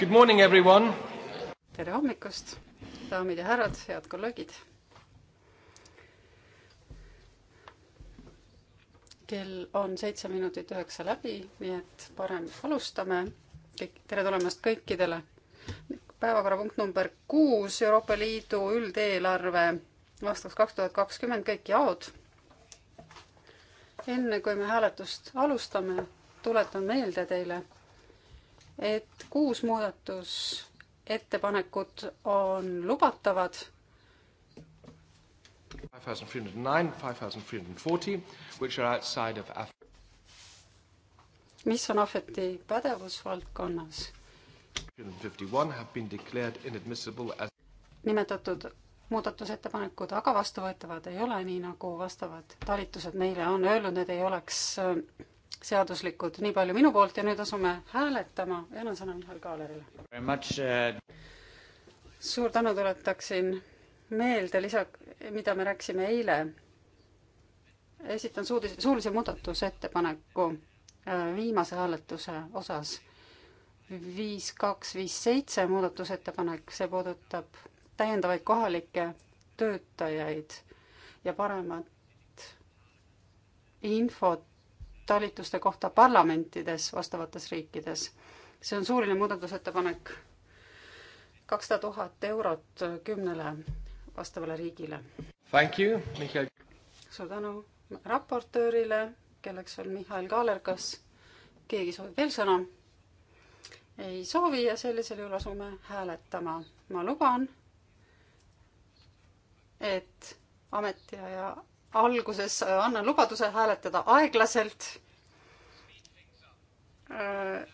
Good morning, everyone! tere hommikust, daamid ja härrad, head kolleegid! kell on seitse minutit üheksa läbi, nii et parem alustame. kõik, tere tulemast kõikidele! päevakorrapunkt number kuus, Euroopa Liidu üldeelarve aastaks kaks tuhat kakskümmend, kõik jaod. enne kui me hääletust alustame, tuletan meelde teile et kuus muudatusettepanekut on lubatavad. 5309, 5340, which are outside of Af- mis on Ahveti pädevusvaldkonnas. nimetatud muudatusettepanekud aga vastuvõetavad ei ole, nii nagu vastavad talitused meile on öelnud, need ei oleks seaduslikud. nii palju minu poolt ja nüüd asume hääletama ja annan sõna Mihhail Kaalerile. Uh, suur tänu, tuletaksin meelde lisa, mida me rääkisime eile. esitan suudis, suulise muudatusettepaneku uh, viimase hääletuse osas. viis, kaks, viis, seitse muudatusettepanek, see puudutab täiendavaid kohalikke töötajaid ja paremat infot talituste kohta parlamentides vastavates riikides. see on suuline muudatusettepanek, kakssada tuhat eurot kümnele vastavale riigile. Thank you, Mihhail. suur tänu raportöörile, kelleks on Mihhail Kaaler, kas keegi soovib veel sõna? ei soovi ja sellisel juhul asume hääletama. ma luban, et ametiaja alguses äh, annan lubaduse hääletada aeglaselt. Äh,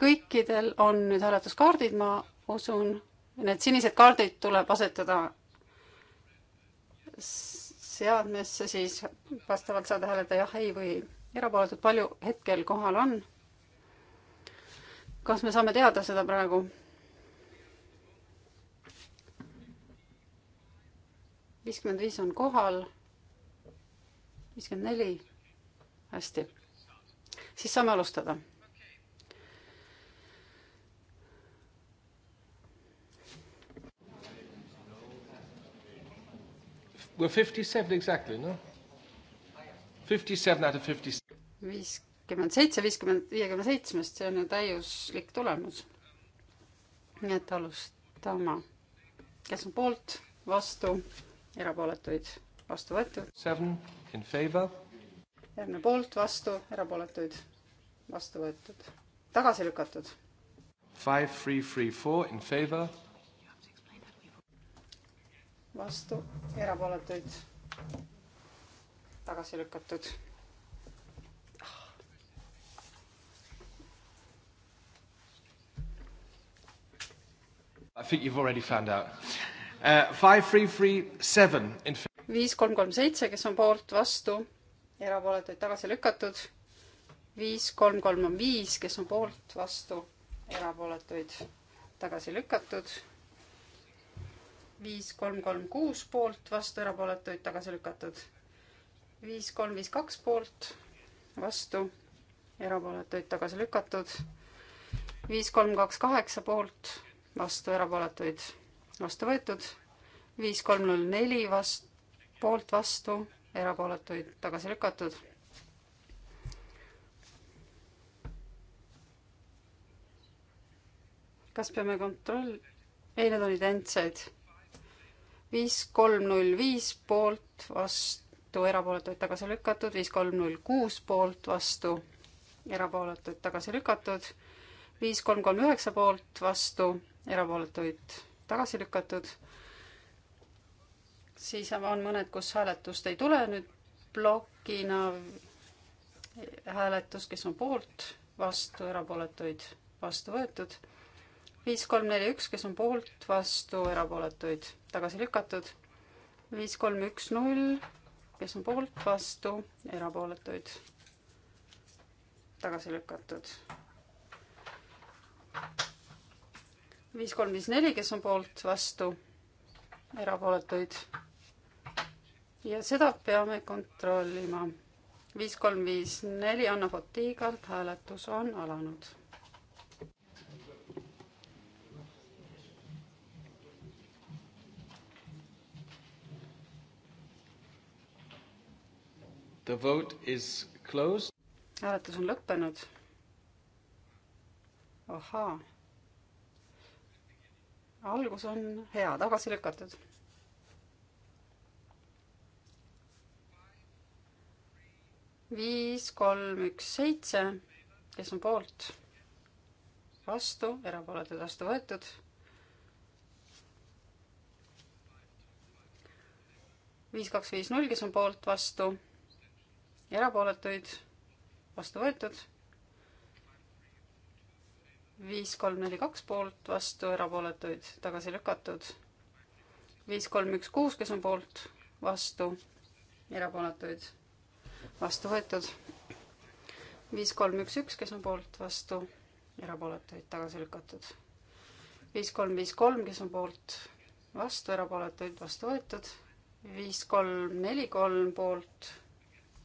kõikidel on nüüd hääletuskaardid, ma usun, need sinised kaardid tuleb asetada seadmesse, siis vastavalt saad hääletada jah, ei või erapooletult, palju hetkel kohal on? kas me saame teada seda praegu? viiskümmend viis on kohal, viiskümmend neli, hästi, siis saame alustada. We are fifty seven exactly, no? Fifty seven out of fifty. viiskümmend seitse, viiskümmend, viiekümne seitsmest, see on ju täiuslik tulemus. nii et alustame. kes on poolt, vastu? erapooletuid vastu võetud. järgmine poolt, vastu, erapooletuid vastu võetud, tagasi lükatud. Five, three, three, four in favor. vastu, erapooletuid tagasi lükatud. I think you've already found out Uh, viis, kolm, kolm, seitse, kes on poolt, vastu, erapooletuid tagasi lükatud. viis, kolm, kolm on viis, kes on poolt, vastu, erapooletuid tagasi lükatud. viis, kolm, kolm, kuus poolt, vastu, erapooletuid tagasi lükatud. viis, kolm, viis, kaks poolt, vastu, erapooletuid tagasi lükatud. viis, kolm, kaks, kaheksa poolt, vastu, erapooletuid vastu võetud, viis kolm null neli vast-, poolt vastu, erapooletuid tagasi lükatud. kas peame kontroll-, ei, need on identsed. viis kolm null viis poolt vastu, erapooletuid tagasi lükatud, viis kolm null kuus poolt vastu, erapooletuid tagasi lükatud, viis kolm kolm üheksa poolt vastu, erapooletuid tagasi lükatud. siis on mõned, kus hääletust ei tule, nüüd plokina hääletus, kes on poolt, vastu, erapooletuid, vastu võetud. viis, kolm, neli, üks, kes on poolt, vastu, erapooletuid, tagasi lükatud. viis, kolm, üks, null, kes on poolt, vastu, erapooletuid, tagasi lükatud viis, kolm, viis, neli, kes on poolt, vastu, erapooletuid. ja seda peame kontrollima. viis, kolm, viis, neli, Anna Fotigalt hääletus on alanud. The vote is closed. hääletus on lõppenud. ahhaa algus on hea, tagasi lükatud. viis, kolm, üks, seitse, kes on poolt, vastu, erapooletud, vastu võetud. viis, kaks, viis, null, kes on poolt, vastu, erapooletuid, vastu võetud viis, kolm, neli, kaks poolt, vastu, erapooletuid, tagasi lükatud. viis, kolm, üks, kuus, kes on poolt, vastu, erapooletuid, vastu võetud. viis, kolm, üks, üks, kes on poolt, vastu, erapooletuid, tagasi lükatud. viis, kolm, viis, kolm, kes on poolt, vastu, erapooletuid, vastu võetud. viis, kolm, neli, kolm poolt,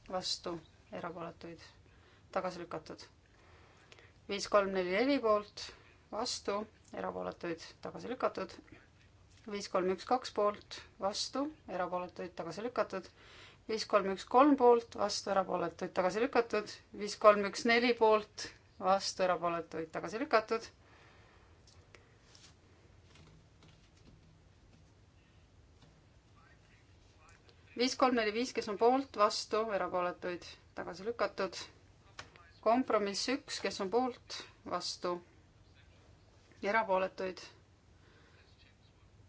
vastu, erapooletuid, tagasi lükatud viis, kolm, neli, neli poolt, vastu, erapooletuid tagasi lükatud. viis, kolm, üks, kaks poolt, vastu, erapooletuid tagasi lükatud. viis, kolm, üks, kolm poolt, vastu, erapooletuid tagasi lükatud. viis, kolm, üks, neli poolt, vastu, erapooletuid tagasi lükatud viis, kolm, neli, viis, kes on poolt, vastu, erapooletuid tagasi lükatud kompromiss üks, kes on poolt, vastu, erapooletuid.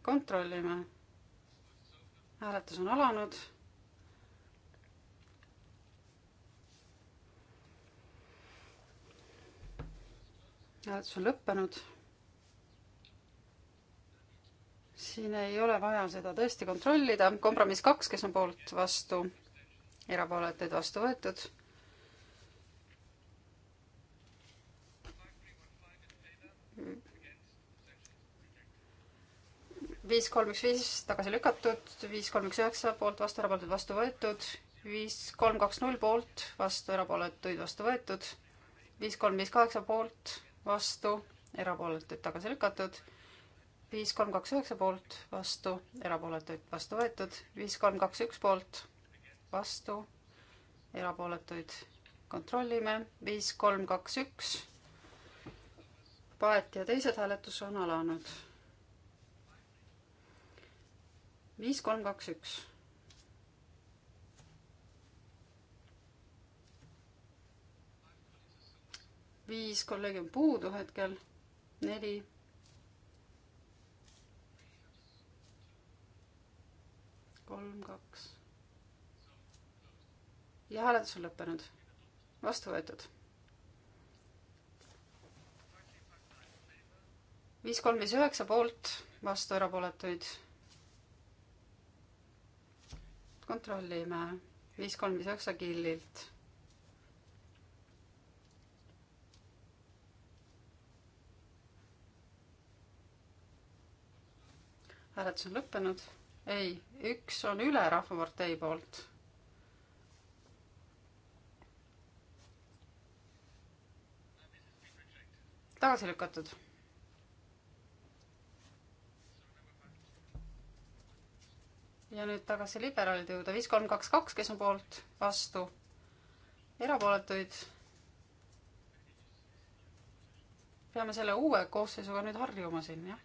kontrollime. hääletus on alanud. hääletus on lõppenud. siin ei ole vaja seda tõesti kontrollida. kompromiss kaks, kes on poolt, vastu, erapooletuid vastu võetud viis, kolm, üks, viis tagasi lükatud, viis, kolm, üks, üheksa poolt, vastu, erapooletud, vastu võetud, viis, kolm, kaks, null poolt, vastu, erapooletuid, vastu võetud, viis, kolm, viis, kaheksa poolt, vastu, erapooletuid, tagasi lükatud, viis, kolm, kaks, üheksa poolt, vastu, erapooletuid, vastu võetud, viis, kolm, kaks, üks poolt, vastu, erapooletuid, kontrollime, viis, kolm, kaks, üks, Paet ja teised hääletus on alanud viis, kolm, kaks, üks. viis kolleegi on puudu hetkel, neli kolm, kaks. ja hääletus on lõppenud. vastu võetud. viis, kolm, viis, üheksa poolt, vastu erapooletuid kontrollime viis, kolm, viis, üheksa killilt. hääletus on lõppenud. ei, üks on üle Rahvapartei poolt. tagasi lükatud ja nüüd tagasi liberaalide juurde, viis, kolm, kaks, kaks, kes on poolt, vastu, erapooletuid. peame selle uue koosseisuga nüüd harjuma siin, jah,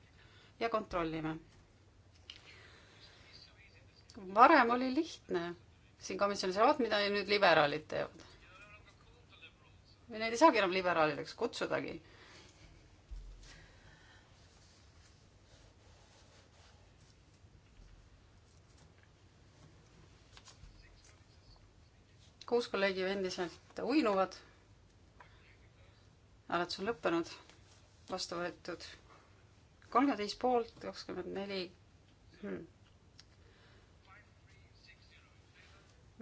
ja kontrollime. varem oli lihtne siin komisjonis, vaat mida nüüd liberaalid teevad. Neid ei saagi enam liberaalideks kutsudagi kuus kolleegi endiselt uinuvad. hääletus on lõppenud, vastu võetud kolmkümmend viis poolt, kakskümmend neli. Hmm.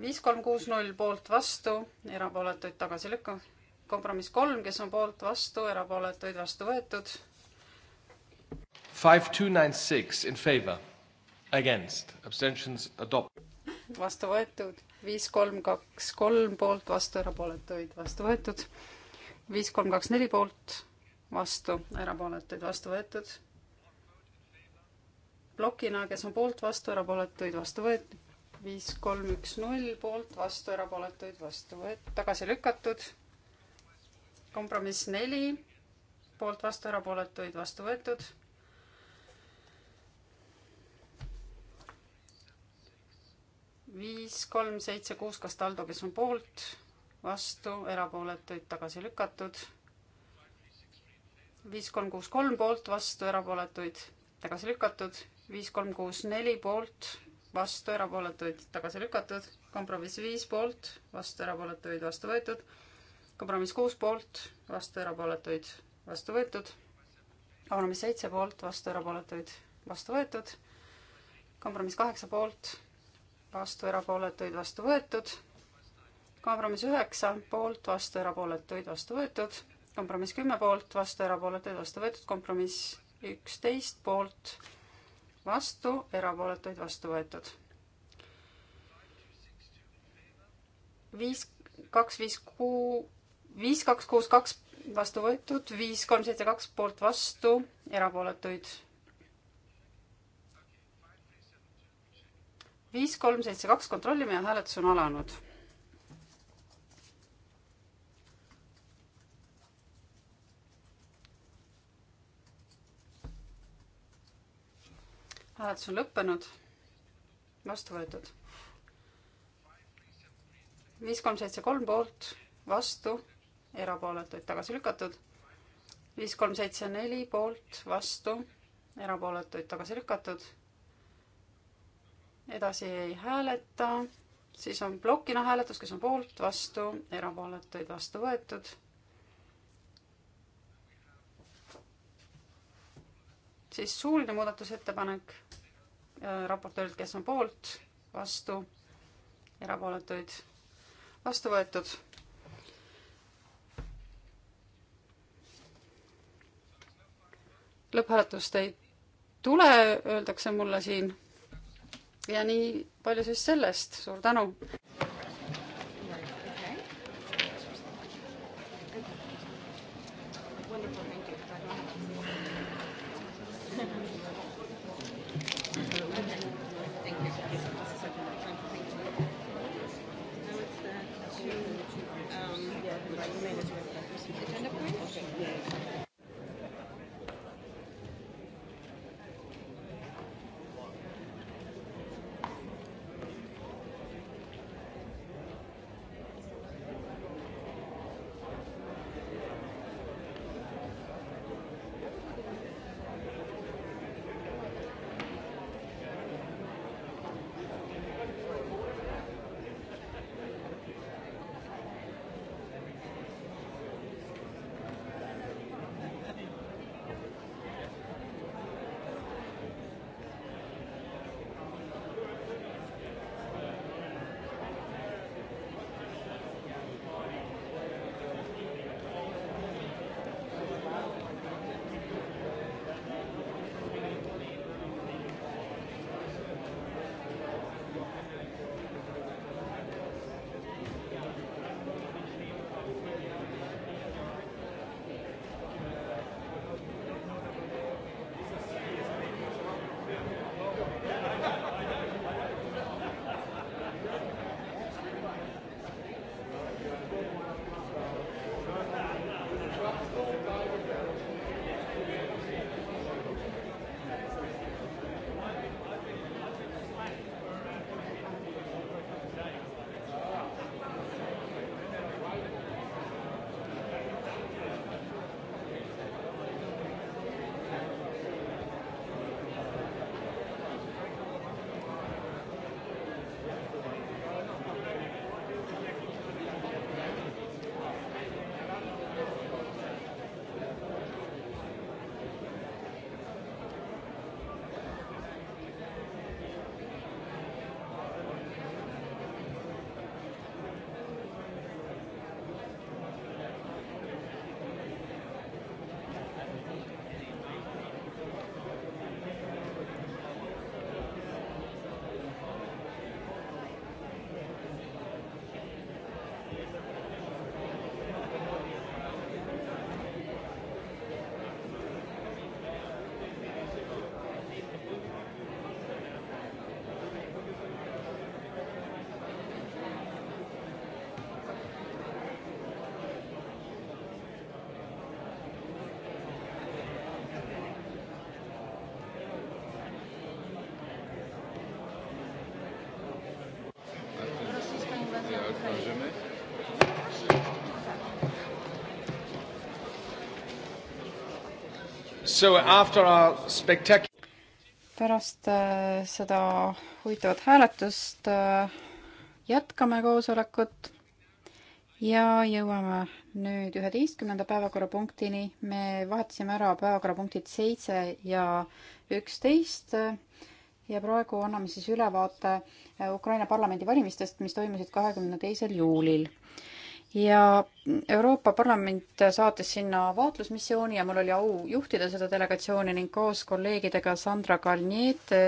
viis, kolm, kuus, null poolt vastu, erapooletuid tagasi lükkav. kompromiss kolm, kes on poolt vastu, erapooletuid vastu võetud. Five, two, nine, six in favor, against, abstentions adopt. vastu võetud viis, kolm, kaks, kolm poolt, vastu, erapooletuid, vastu võetud. viis, kolm, kaks, neli poolt, vastu, erapooletuid, vastu võetud. plokina, kes on poolt, vastu, erapooletuid, vastu võetud. viis, kolm, üks, null poolt, vastu, erapooletuid, vastu võetud, tagasi lükatud. kompromiss neli, poolt, vastu, erapooletuid, vastu võetud viis, kolm, seitse, kuus Castaldo, kes on poolt, vastu, erapooletuid tagasi lükatud. viis, kolm, kuus, kolm poolt, vastu, erapooletuid tagasi lükatud. viis, kolm, kuus, neli poolt, vastu, erapooletuid tagasi lükatud. kompromiss viis poolt, vastu, erapooletuid vastu võetud. kompromiss kuus poolt, vastu, erapooletuid vastu võetud. kompromiss seitse poolt, vastu, erapooletuid vastu võetud. kompromiss kaheksa poolt vastu, erapooletuid vastu võetud. kompromiss üheksa, poolt, vastu, erapooletuid vastu võetud. kompromiss kümme, poolt, vastu, erapooletuid vastu võetud. kompromiss üksteist, poolt, vastu, erapooletuid vastu võetud. viis, kaks, viis, kuu, viis, kaks, kuus, kaks vastu võetud, viis, kolm, seitse, kaks poolt vastu, erapooletuid viis, kolm, seitse, kaks, kontrollime ja hääletus on alanud. hääletus on lõppenud, vastu võetud. viis, kolm, seitse, kolm poolt, vastu, erapooletuid tagasi lükatud. viis, kolm, seitse, neli poolt, vastu, erapooletuid tagasi lükatud edasi ei hääleta, siis on plokina hääletus, kes on poolt, vastu, erapooletuid vastu võetud. siis suuline muudatusettepanek äh, raportöörilt, kes on poolt, vastu, erapooletuid vastu võetud lõpphääletust ei tule, öeldakse mulle siin ja nii palju siis sellest, suur tänu! pärast äh, seda huvitavat hääletust äh, jätkame koosolekut ja jõuame nüüd üheteistkümnenda päevakorrapunktini. me vahetasime ära päevakorrapunktid seitse ja üksteist äh, ja praegu anname siis ülevaate Ukraina parlamendivalimistest, mis toimusid kahekümne teisel juulil ja Euroopa Parlament saatis sinna vaatlusmissiooni ja mul oli au juhtida seda delegatsiooni ning koos kolleegidega Sandra Kalniete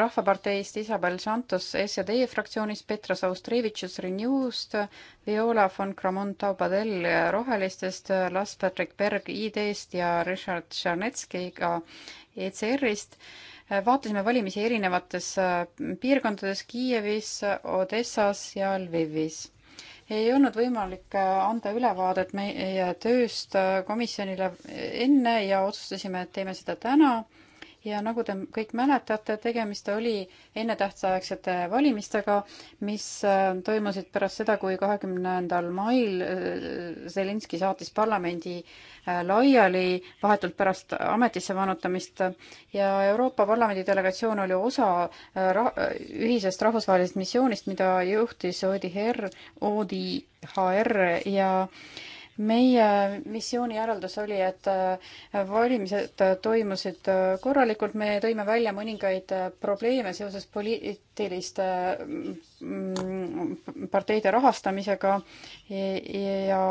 Rahvaparteist, Isabel Santos SED fraktsioonist, Petra Saustrevitšus Renewst, Viola von Kramon Taubadel Rohelistest, Lars-Patrick Berg ID-st ja Richard Tšernetskiga ECR-ist vaatasime valimisi erinevates piirkondades Kiievis, Odessas ja Lvivis ei olnud võimalik äh, anda ülevaadet meie tööst äh, komisjonile enne ja otsustasime, et teeme seda täna ja nagu te kõik mäletate, tegemist oli ennetähtsaegsete valimistega, mis äh, toimusid pärast seda, kui kahekümnendal mail äh, Zelinski saatis parlamendi äh, laiali vahetult pärast ametisse vannutamist ja Euroopa Parlamendi delegatsioon oli osa ra ühisest rahvusvahelisest missioonist, mida juhtis ODIHR, ODIHR ja äh, meie missiooni järeldus oli, et äh, valimised äh, toimusid äh, korralikult, me tõime välja mõningaid probleeme seoses poliitiliste mm, mm, parteide rahastamisega ja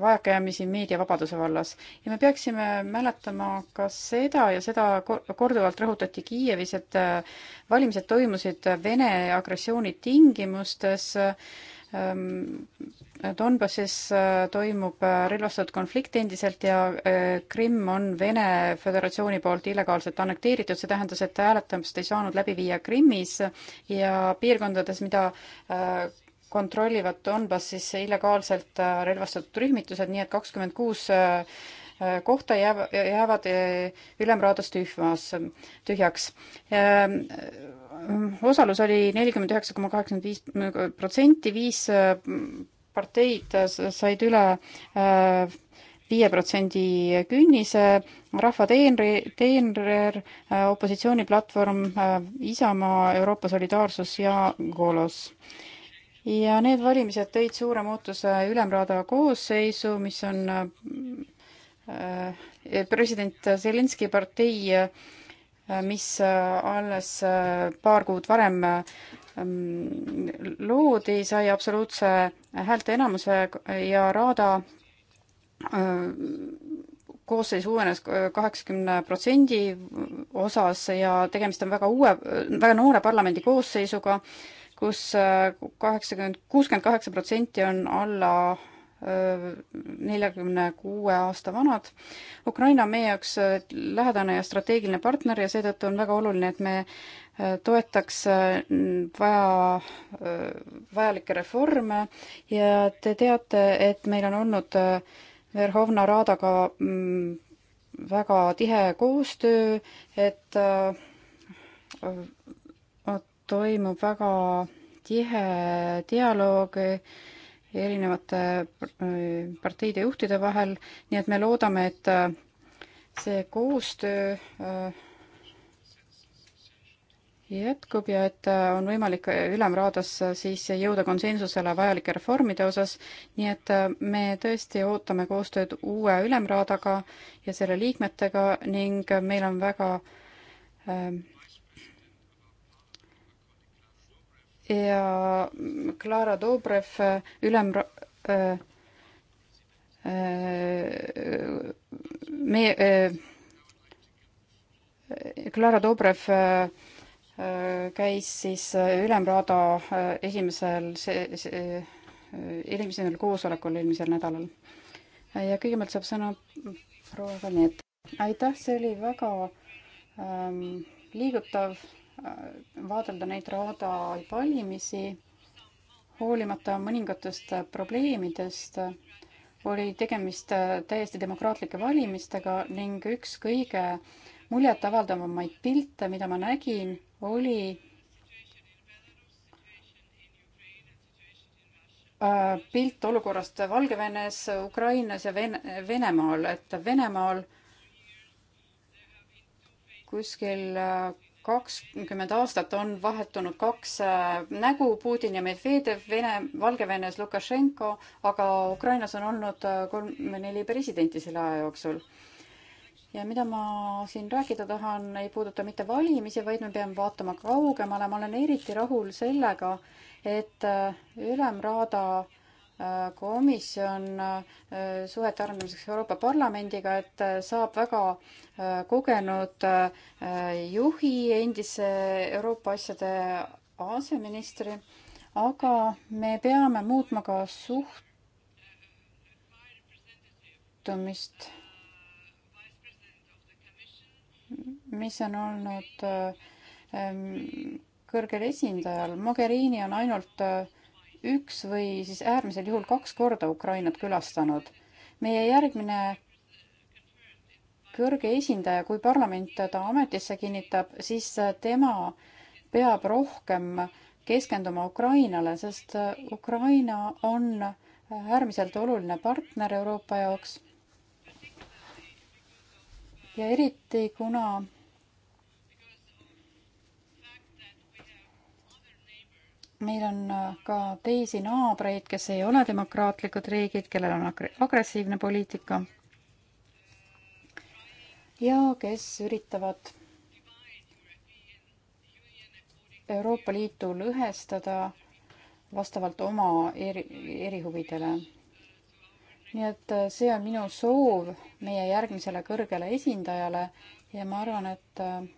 vajakajäämisi meediavabaduse vallas. ja me peaksime mäletama ka seda ja seda korduvalt rõhutati Kiievis, et valimised toimusid Vene agressiooni tingimustes äh, Ehm, Donbassis äh, toimub äh, relvastatud konflikt endiselt ja äh, Krimm on Vene Föderatsiooni poolt illegaalselt annekteeritud, see tähendas, et hääletamist ei saanud läbi viia Krimmis ja piirkondades, mida kontrollivad Donbassis illegaalselt relvastatud rühmitused, nii et kakskümmend kuus kohta jääb, jäävad Ülemraadas tühmas, tühjaks ehm, osalus oli nelikümmend üheksa koma kaheksakümmend viis protsenti, viis äh, parteid said üle äh, viie protsendi künnise, Rahva teenri-, teenrer, äh, opositsiooniplatvorm Isamaa, Euroopa Solidaarsus ja Golos. ja need valimised tõid suure muutuse Ülemraada koosseisu, mis on president Zelenski partei mis äh, alles äh, paar kuud varem ähm, loodi, sai absoluutse häälteenamuse ja Raada äh, koosseis uuenes kaheksakümne protsendi osas ja tegemist on väga uue, väga noore parlamendi koosseisuga, kus kaheksakümmend, kuuskümmend kaheksa protsenti on alla neljakümne kuue aasta vanad. Ukraina on meie jaoks äh, lähedane ja strateegiline partner ja seetõttu on väga oluline, et me äh, toetaks äh, vaja, vajalikke reforme ja te teate, et meil on olnud Verhovna Radaga mm, väga tihe koostöö, et toimub väga tihe dialoog erinevate äh, parteide juhtide vahel, nii et me loodame, et äh, see koostöö äh, jätkub ja et on võimalik Ülemraadas siis jõuda konsensusele vajalike reformide osas, nii et me tõesti ootame koostööd uue Ülemraadaga ja selle liikmetega ning meil on väga ähm, ja Klara Dobrev, ülem- äh,, äh, meie äh,, Klara Dobrev äh, äh, käis siis äh, Ülemraada äh, esimesel see, see, esimesel koosolekul eelmisel nädalal. ja kõigepealt saab sõna proua Kalnet. aitäh, see oli väga ähm, liigutav Äh, vaadelda neid raada valimisi. hoolimata mõningatest probleemidest oli tegemist äh, täiesti demokraatlike valimistega ning üks kõige muljetavaldavamaid pilte, mida ma nägin, oli äh, pilt olukorrast Valgevenes, Ukrainas ja Ven-, Venemaal, et Venemaal kuskil kakskümmend aastat on vahetunud kaks äh, nägu, Putin ja Medvedev, Vene, Valgevenes Lukašenko, aga Ukrainas on olnud äh, kolm või neli presidenti selle aja jooksul. ja mida ma siin rääkida tahan, ei puuduta mitte valimisi, vaid me peame vaatama kaugemale, ma olen eriti rahul sellega, et äh, Ülemraada äh, komisjon äh, suhete arendamiseks Euroopa Parlamendiga, et äh, saab väga äh, kogenud juhi, endise Euroopa asjade aseministri, aga me peame muutma ka suhtumist, mis on olnud ähm, kõrgel esindajal. Mogherini on ainult äh, üks või siis äärmisel juhul kaks korda Ukrainat külastanud. meie järgmine kõrge esindaja, kui parlament ta ametisse kinnitab, siis tema peab rohkem keskenduma Ukrainale, sest Ukraina on äärmiselt oluline partner Euroopa jaoks. ja eriti, kuna meil on äh, ka teisi naabreid, kes ei ole demokraatlikud riigid, kellel on agressiivne poliitika ja kes üritavad Euroopa Liitu lõhestada vastavalt oma eri, erihuvidele. nii et äh, see on minu soov meie järgmisele kõrgele esindajale ja ma arvan, et äh,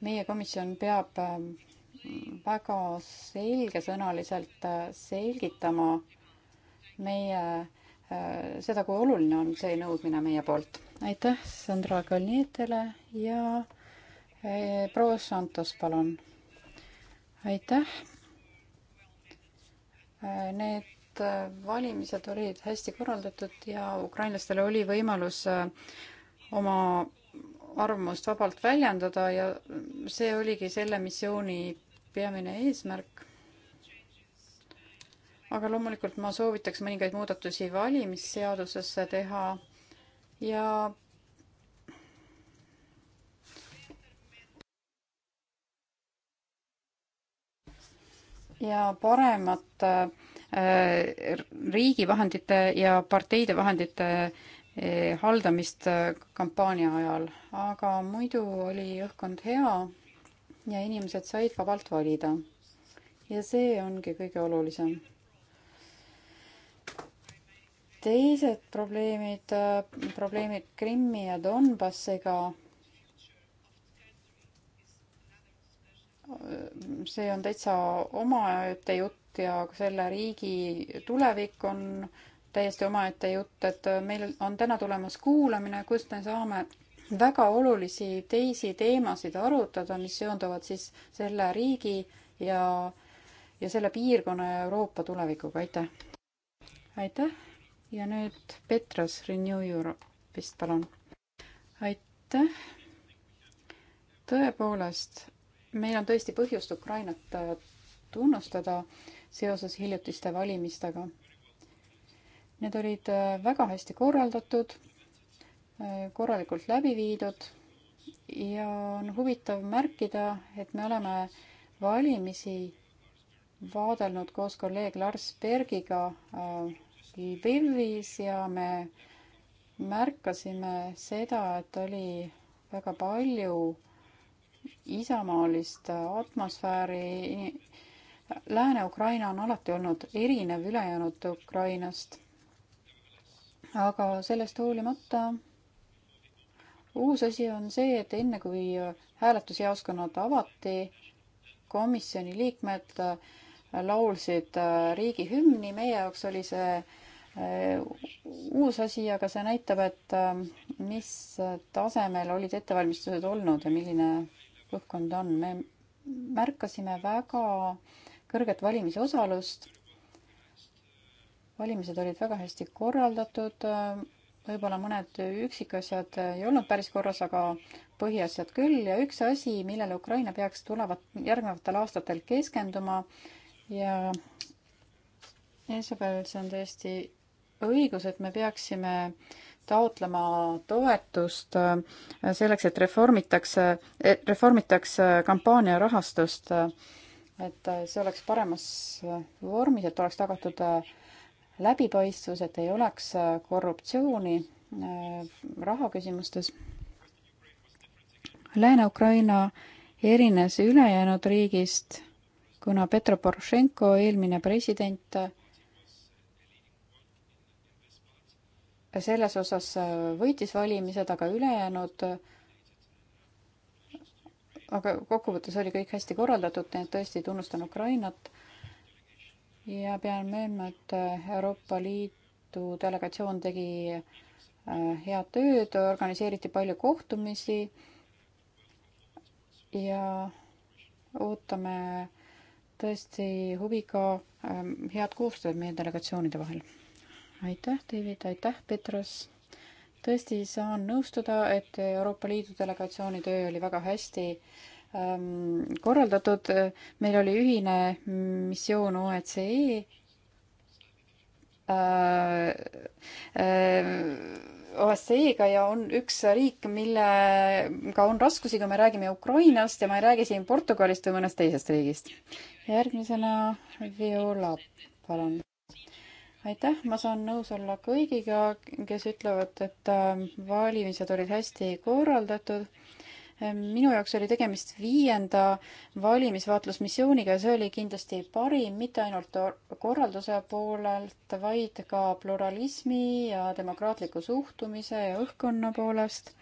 meie komisjon peab väga selgesõnaliselt äh, selgitama meie äh, seda, kui oluline on see nõudmine meie poolt. aitäh Sandra Kalnietele ja äh, proua Santos, palun. aitäh. Need valimised olid hästi korraldatud ja ukrainlastel oli võimalus oma arvamust vabalt väljendada ja see oligi selle missiooni peamine eesmärk. aga loomulikult ma soovitaks mõningaid muudatusi valimisseadusesse teha ja ja paremat äh, riigi vahendite ja parteide vahendite äh, haldamist äh, kampaania ajal, aga muidu oli õhkkond hea ja inimesed said vabalt valida. ja see ongi kõige olulisem. teised probleemid, probleemid Krimmi ja Donbassiga see on täitsa omaette jutt ja selle riigi tulevik on täiesti omaette jutt, et meil on täna tulemas kuulamine, kust me saame väga olulisi teisi teemasid arutada, mis seonduvad siis selle riigi ja, ja selle piirkonna ja Euroopa tulevikuga, aitäh! aitäh ja nüüd Petras Renew Europe'ist, palun! aitäh! tõepoolest, meil on tõesti põhjust Ukrainat äh, tunnustada seoses hiljutiste valimistega. Need olid äh, väga hästi korraldatud korralikult läbi viidud ja on huvitav märkida, et me oleme valimisi vaadelnud koos kolleeg Lars Bergiga äh, Lvivis ja me märkasime seda, et oli väga palju isamaalist atmosfääri. Lääne-Ukraina on alati olnud erinev ülejäänud Ukrainast. aga sellest hoolimata uus asi on see, et enne kui äh, hääletusjaoskonnad avati, komisjoni liikmed äh, laulsid äh, riigihümni, meie jaoks oli see uus asi, aga see näitab, et mis tasemel olid ettevalmistused olnud ja milline õhkkond on. me märkasime väga kõrget valimisosalust. valimised olid väga hästi korraldatud, võib-olla mõned üksikasjad ei olnud päris korras, aga põhiasjad küll ja üks asi, millele Ukraina peaks tulevat, järgnevatel aastatel keskenduma ja Isabel, see on täiesti õigus, et me peaksime taotlema toetust äh, selleks, et reformitakse, reformitakse äh, kampaania rahastust, äh, et see oleks paremas vormis, et oleks tagatud läbipaistvus, et ei oleks äh, korruptsiooni äh, rahaküsimustes. Lääne-Ukraina erines ülejäänud riigist, kuna Petro Porošenko, eelmine president, selles osas äh, võitis valimised, aga ülejäänud aga kokkuvõttes oli kõik hästi korraldatud, nii et tõesti tunnustan Ukrainat ja pean möönma, et äh, Euroopa Liidu delegatsioon tegi äh, head tööd, organiseeriti palju kohtumisi ja ootame tõesti huviga ähm, head koostööd meie delegatsioonide vahel. aitäh, David, aitäh, Petras. tõesti saan nõustuda, et Euroopa Liidu delegatsiooni töö oli väga hästi äh, Ähm, korraldatud, meil oli ühine missioon OECE e. äh, äh, OSCE-ga e ja on üks riik, millega on raskusi, kui me räägime Ukrainast ja ma ei räägi siin Portugalist või mõnest teisest riigist. järgmisena Viola, palun. aitäh, ma saan nõus olla kõigiga, kes ütlevad, et äh, valimised olid hästi korraldatud Ehm, minu jaoks oli tegemist viienda valimisvaatlusmissiooniga ja see oli kindlasti parim mitte ainult korralduse poolelt, vaid ka pluralismi ja demokraatliku suhtumise ja õhkkonna poolest.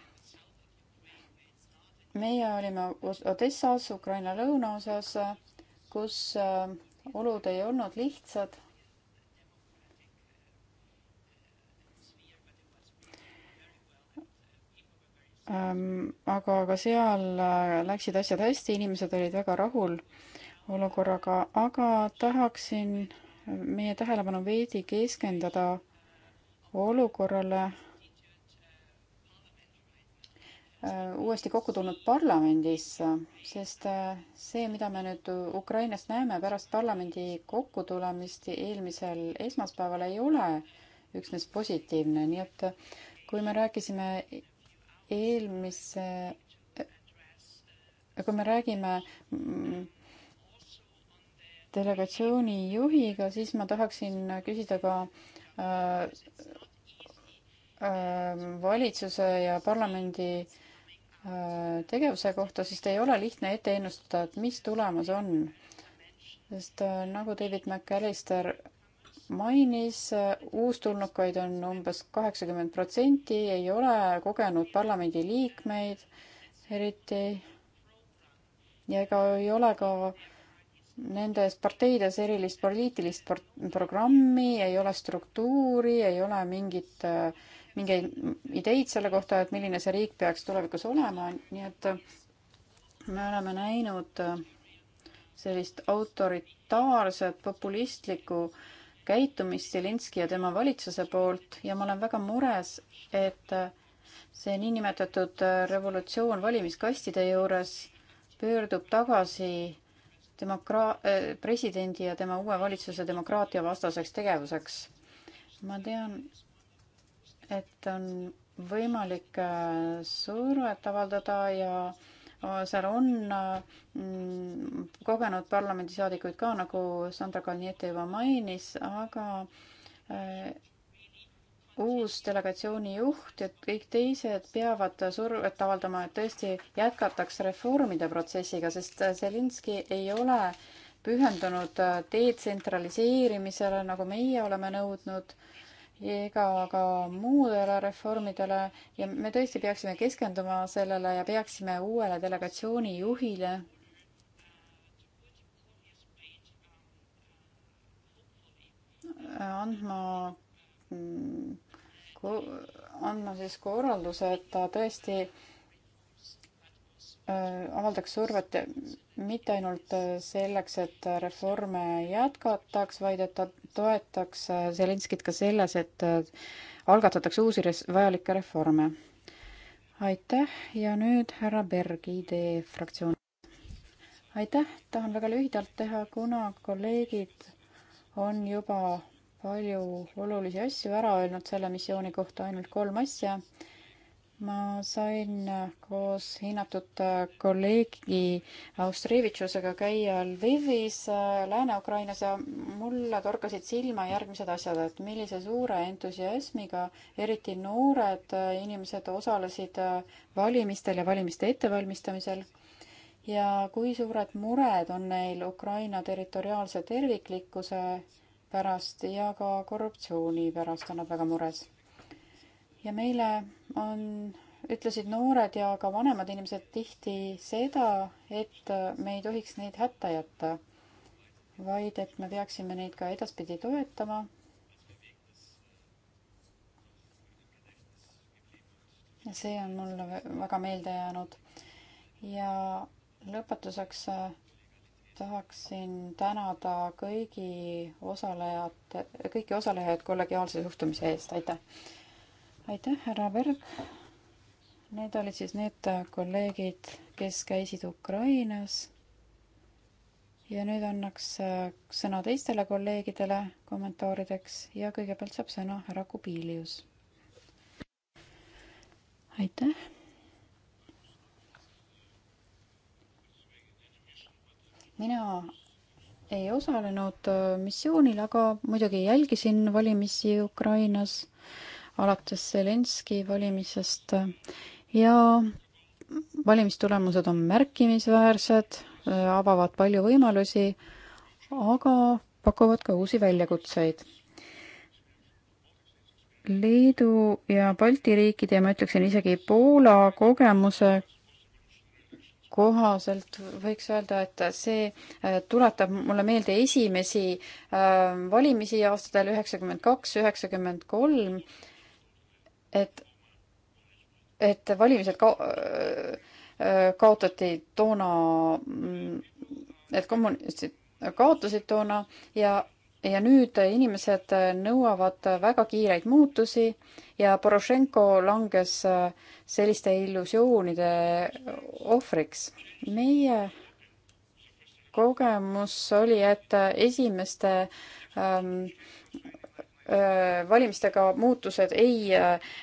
meie olime Odessas, Ukraina lõunaosas, kus ehm, olud ei olnud lihtsad Ehm, aga ka seal äh, läksid asjad hästi, inimesed olid väga rahul olukorraga, aga tahaksin äh, meie tähelepanu veidi keskenduda olukorrale äh, uuesti kokku tulnud parlamendis, sest see, mida me nüüd Ukrainas näeme pärast parlamendi kokkutulemist eelmisel esmaspäeval, ei ole üksnes positiivne, nii et kui me rääkisime eelmise, kui me räägime mm, delegatsiooni juhiga, siis ma tahaksin küsida ka äh, äh, valitsuse ja parlamendi äh, tegevuse kohta, sest ei ole lihtne ette ennustada, et mis tulemas on. sest äh, nagu David McAllister mainis, uustulnukaid on umbes kaheksakümmend protsenti, ei ole kogenud parlamendiliikmeid eriti ja ega ei ole ka nendes parteides erilist poliitilist part programmi, ei ole struktuuri, ei ole mingit, mingeid ideid selle kohta, et milline see riik peaks tulevikus olema, nii et me oleme näinud sellist autoritaarset populistlikku äh, käitumist Zelinski ja tema valitsuse poolt ja ma olen väga mures, et see niinimetatud revolutsioon valimiskastide juures pöördub tagasi demokraa-, äh, presidendi ja tema uue valitsuse demokraatiavastaseks tegevuseks. ma tean, et on võimalik äh, survet avaldada ja äh, seal on mm, kogenud parlamendisaadikuid ka, nagu Sandra Kalniete juba mainis, aga äh, uus delegatsiooni juht ja kõik teised peavad survet avaldama, et tõesti jätkataks reformide protsessiga, sest Zelinski ei ole pühendunud äh, detsentraliseerimisele, nagu meie oleme nõudnud ega ka muudele reformidele ja me tõesti peaksime keskenduma sellele ja peaksime uuele delegatsiooni juhile andma mm, andma siis korralduse, et ta tõesti Äh, avaldaks survet mitte ainult äh, selleks, et reforme jätkataks, vaid et ta toetaks äh, Zelenskit ka selles, et algatatakse uusi res-, vajalikke reforme. aitäh ja nüüd härra Berg, ID fraktsioon. aitäh, tahan väga lühidalt teha, kuna kolleegid on juba palju olulisi asju ära öelnud selle missiooni kohta, ainult kolm asja ma sain äh, koos hinnatud äh, kolleegi Austrevitšusega käia Lvivis äh, Lääne-Ukrainas ja mulle torkasid silma järgmised asjad, et millise suure entusiasmiga eriti noored inimesed osalesid valimistel ja valimiste ettevalmistamisel ja kui suured mured on neil Ukraina territoriaalse terviklikkuse pärast ja ka korruptsiooni pärast on nad väga mures ja meile on, ütlesid noored ja ka vanemad inimesed tihti seda, et me ei tohiks neid hätta jätta, vaid et me peaksime neid ka edaspidi toetama. see on mulle väga meelde jäänud. ja lõpetuseks äh, tahaksin tänada kõigi osalejate, kõiki osalejaid kollegiaalse suhtumise eest, aitäh! aitäh, härra Berg. Need olid siis need kolleegid, kes käisid Ukrainas. ja nüüd annaks äh, sõna teistele kolleegidele kommentaarideks ja kõigepealt saab sõna härra Kubilius. aitäh mina ei osalenud äh, missioonil, aga muidugi jälgisin valimisi Ukrainas alates Zelenski valimisest ja valimistulemused on märkimisväärsed, avavad palju võimalusi, aga pakuvad ka uusi väljakutseid. Leedu ja Balti riikide ja ma ütleksin isegi Poola kogemuse kohaselt võiks öelda, et see äh, tuletab mulle meelde esimesi äh, valimisi aastatel üheksakümmend kaks, üheksakümmend kolm et, et valimised ka-, äh, kaotati toona, mm, et kommunistid kaotasid toona ja, ja nüüd inimesed nõuavad väga kiireid muutusi ja Porošenko langes äh, selliste illusioonide ohvriks. meie kogemus oli, et esimeste ähm, Äh, valimistega muutused ei äh,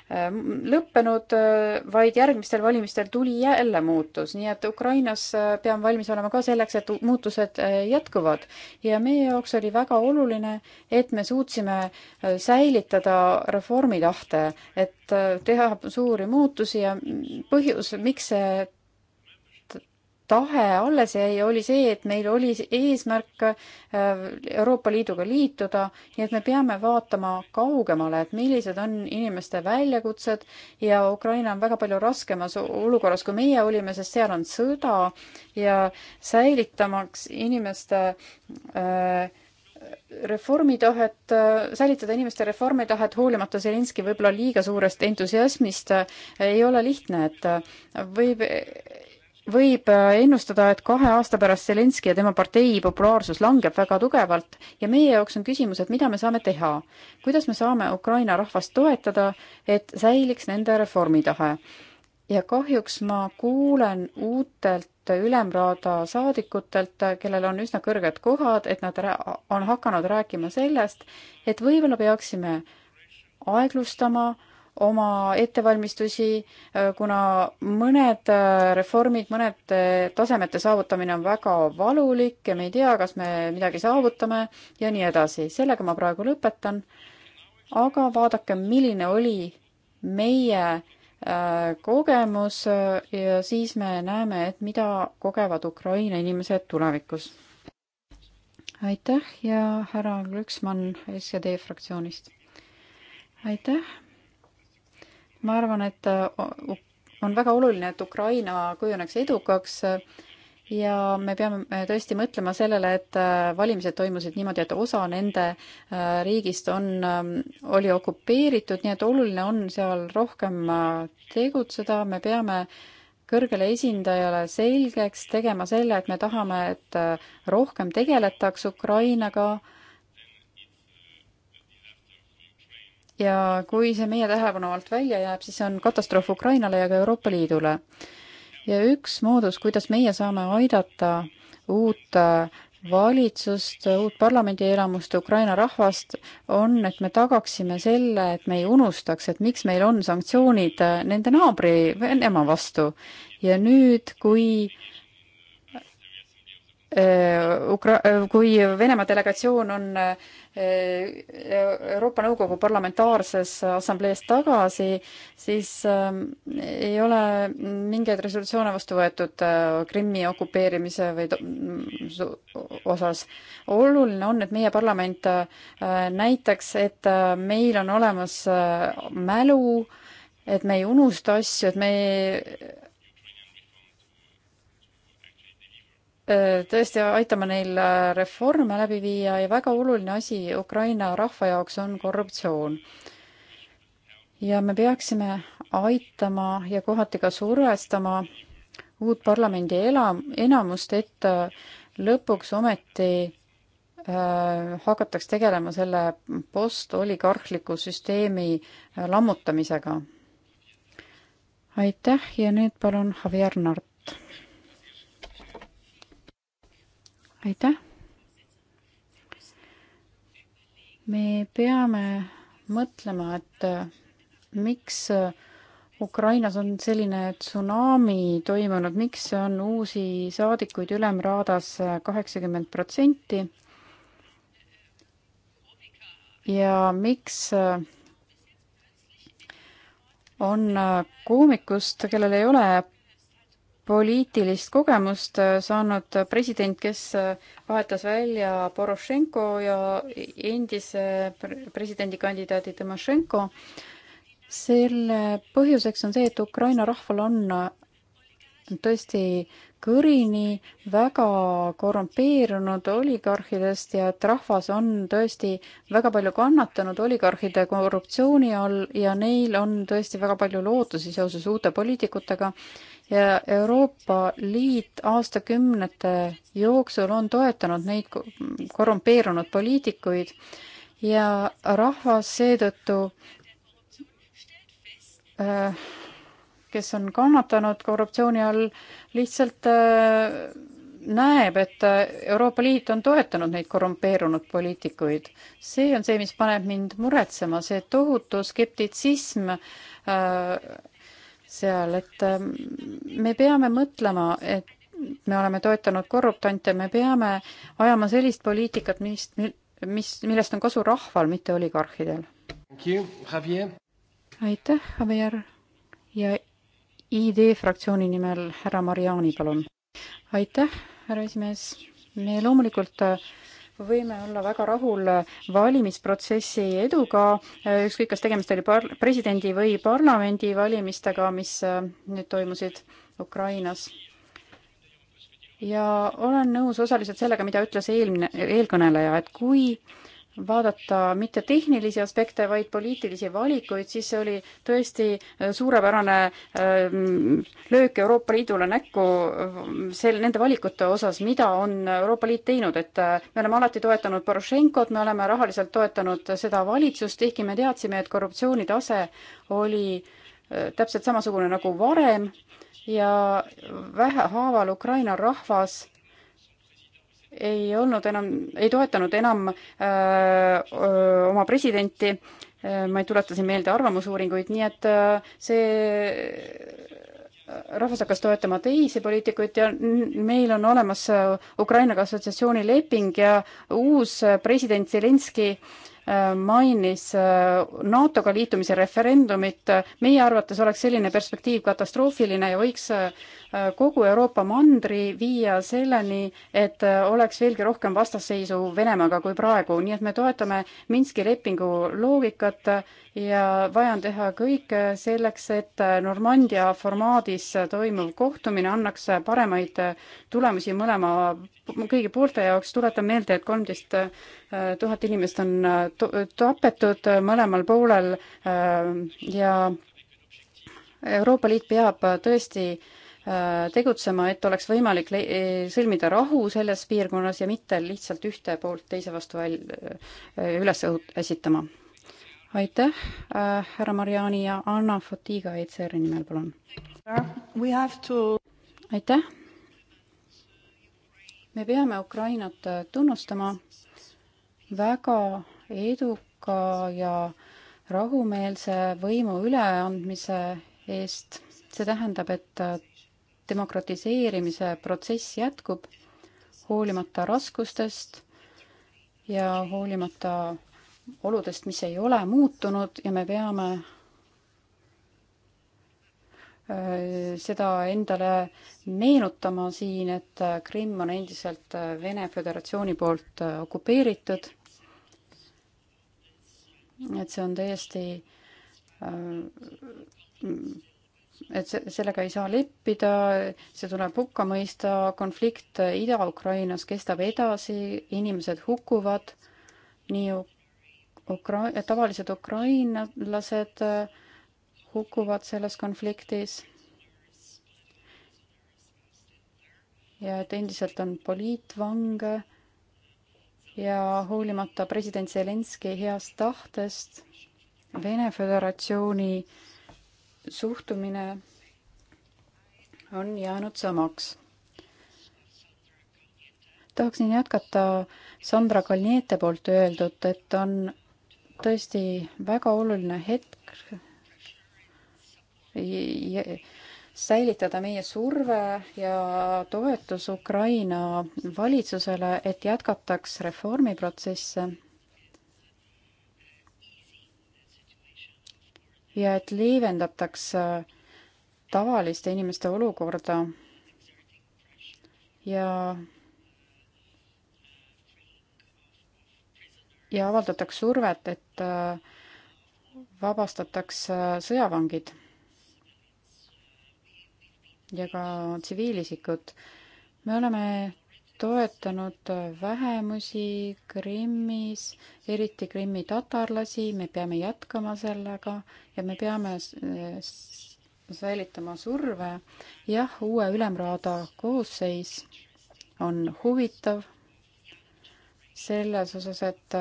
lõppenud, äh, vaid järgmistel valimistel tuli jälle muutus, nii et Ukrainas peame valmis olema ka selleks, et muutused jätkuvad. ja meie jaoks oli väga oluline, et me suutsime säilitada reformitahte, et teha suuri muutusi ja põhjus, miks see tahe alles jäi, oli see, et meil oli eesmärk äh, Euroopa Liiduga liituda, nii et me peame vaatama kaugemale, et millised on inimeste väljakutsed ja Ukraina on väga palju raskemas olukorras, kui meie olime, sest seal on sõda ja säilitamaks inimeste äh, reformitahet, äh, säilitada inimeste reformitahet hoolimata Zelenski võib-olla liiga suurest entusiasmist äh, ei ole lihtne, et võib võib äh, ennustada, et kahe aasta pärast Zelenski ja tema partei populaarsus langeb väga tugevalt ja meie jaoks on küsimus, et mida me saame teha. kuidas me saame Ukraina rahvast toetada, et säiliks nende reformitahe? ja kahjuks ma kuulen uutelt ülemraada saadikutelt, kellel on üsna kõrged kohad, et nad on hakanud rääkima sellest, et võib-olla peaksime aeglustama äh, oma ettevalmistusi, äh, kuna mõned äh, reformid, mõned äh, tasemete saavutamine on väga valulik ja me ei tea, kas me midagi saavutame ja nii edasi. sellega ma praegu lõpetan. aga vaadake, milline oli meie kogemus ja siis me näeme, et mida kogevad Ukraina inimesed tulevikus. aitäh ja härra Glüksmann SED fraktsioonist. aitäh ma arvan, et äh, on väga oluline, et Ukraina kujuneks edukaks äh, ja me peame äh, tõesti mõtlema sellele, et valimised toimusid niimoodi, et osa nende riigist on, ähm, oli okupeeritud, nii et oluline on seal rohkem tegutseda, me peame kõrgele esindajale selgeks tegema selle, et me tahame, et rohkem tegeletaks Ukrainaga äh, ja kui see meie tähelepanu alt välja jääb, siis see on katastroof Ukrainale ja ka Euroopa Liidule. ja üks moodus, kuidas meie saame aidata uut äh, valitsust, uut parlamendielamust, Ukraina rahvast, on, et me tagaksime selle, et me ei unustaks, et miks meil on sanktsioonid äh, nende naabri Venemaa vastu. ja nüüd, kui äh, Äh, Ukra-, äh, kui Venemaa delegatsioon on äh, Euroopa Nõukogu Parlamentaarses Assamblees tagasi, siis ähm, ei ole mingeid resolutsioone vastu võetud Krimmi okupeerimise või mm, osas. oluline on, et meie parlament näitaks, et meil on olemas mälu, et me ei unusta asju, et me tõesti aitama neil äh, reforme läbi viia ja väga oluline asi Ukraina rahva jaoks on korruptsioon. ja me peaksime aitama ja kohati ka survestama uut parlamendi ela-, enamust, et äh, lõpuks ometi äh, hakataks tegelema selle postoligarhliku süsteemi äh, lammutamisega. aitäh ja nüüd palun Javier Nart aitäh. me peame mõtlema, et miks Ukrainas on selline tsunami toimunud, miks on uusi saadikuid ülemraadas kaheksakümmend protsenti? ja miks on koomikust, kellel ei ole poliitilist kogemust äh, saanud president, kes äh, vahetas välja Porošenko ja endise presidendikandidaadi Timošenko. selle põhjuseks on see, et Ukraina rahval on äh, tõesti kõrini väga korrumpeerunud oligarhidest ja et rahvas on tõesti väga palju kannatanud oligarhide korruptsiooni all ja neil on tõesti väga palju lootusi seoses uute poliitikutega. ja Euroopa Liit aastakümnete jooksul on toetanud neid korrumpeerunud poliitikuid ja rahvas seetõttu äh, kes on kannatanud korruptsiooni all, lihtsalt äh, näeb, et äh, Euroopa Liit on toetanud neid korrumpeerunud poliitikuid. see on see, mis paneb mind muretsema, see tohutu skeptitsism äh, seal, et me peame mõtlema, et me oleme toetanud korruptante, me peame ajama sellist poliitikat, mis, mis, millest on kasu rahval, mitte oligarhidel. aitäh, Javier ja ID fraktsiooni nimel härra Mariani, palun. aitäh, härra esimees. me loomulikult äh, võime olla väga rahul äh, valimisprotsessi eduga, äh, ükskõik, kas tegemist oli par-, presidendi või parlamendivalimistega, mis nüüd toimusid Ukrainas. ja olen nõus osaliselt sellega, mida ütles eelmine, eelkõneleja, et kui äh, vaadata mitte tehnilisi aspekte, vaid poliitilisi valikuid, siis see oli tõesti äh, suurepärane äh, löök Euroopa Liidule näkku äh, sel, nende valikute osas, mida on Euroopa Liit teinud, et me oleme alati toetanud Porošenkot, me oleme rahaliselt toetanud seda valitsust, ehkki me teadsime, et korruptsiooni tase oli täpselt samasugune nagu varem ja vähehaaval Ukraina rahvas ei olnud enam, ei toetanud enam öö, äh, öö, oma presidenti, äh, ma ei tuleta siin meelde arvamusuuringuid, nii et öö, äh, see rahvas hakkas toetama teisi poliitikuid ja meil on olemas Ukrainaga assotsiatsiooni leping ja uus president Zelenskõi mainis äh, NATO-ga liitumise referendumit. meie arvates oleks selline perspektiiv katastroofiline ja võiks äh, kogu Euroopa mandri viia selleni, et äh, oleks veelgi rohkem vastasseisu Venemaaga kui praegu, nii et me toetame Minski lepingu loogikat ja vaja on teha kõik selleks, et Normandia formaadis toimuv kohtumine annaks paremaid tulemusi mõlema kõigi poolte jaoks, tuletan meelde, et kolmteist äh, tuhat inimest on äh, tapetud äh, mõlemal poolel ja Euroopa Liit peab tõesti tegutsema, et oleks võimalik sõlmida rahu selles piirkonnas ja mitte lihtsalt ühte poolt teise vastu väl-, üles esitama. aitäh äh,, härra Mariani ja Anna Fotiga ECR-i nimel, palun. To... aitäh me peame Ukrainat äh, tunnustama väga eduka ja rahumeelse võimu üleandmise eest. see tähendab, et äh, demokratiseerimise protsess jätkub hoolimata raskustest ja hoolimata oludest, mis ei ole muutunud ja me peame Äh, seda endale meenutama siin, et äh, Krimm on endiselt äh, Vene Föderatsiooni poolt okupeeritud. et see on täiesti, et se-, sellega ei saa leppida, see tuleb hukka mõista, konflikt Ida-Ukrainas kestab edasi, inimesed hukkuvad, nii Ukra-, tavalised ukrainlased äh, hukkuvad selles konfliktis. ja et endiselt on poliitvange ja hoolimata president Zelenski heast tahtest Vene Föderatsiooni suhtumine on jäänud samaks. tahaksin jätkata Sandra Kalniete poolt öeldut, et on tõesti väga oluline hetk säilitada meie surve ja toetus Ukraina valitsusele, et jätkataks reformiprotsesse. ja et leevendataks äh, tavaliste inimeste olukorda ja ja avaldataks survet, et äh, vabastataks äh, sõjavangid ja ka tsiviilisikut. me oleme toetanud vähemusi Krimmis, eriti Krimmi tatarlasi, me peame jätkama sellega ja me peame säilitama surve. jah, uue ülemraada koosseis on huvitav selles osas, et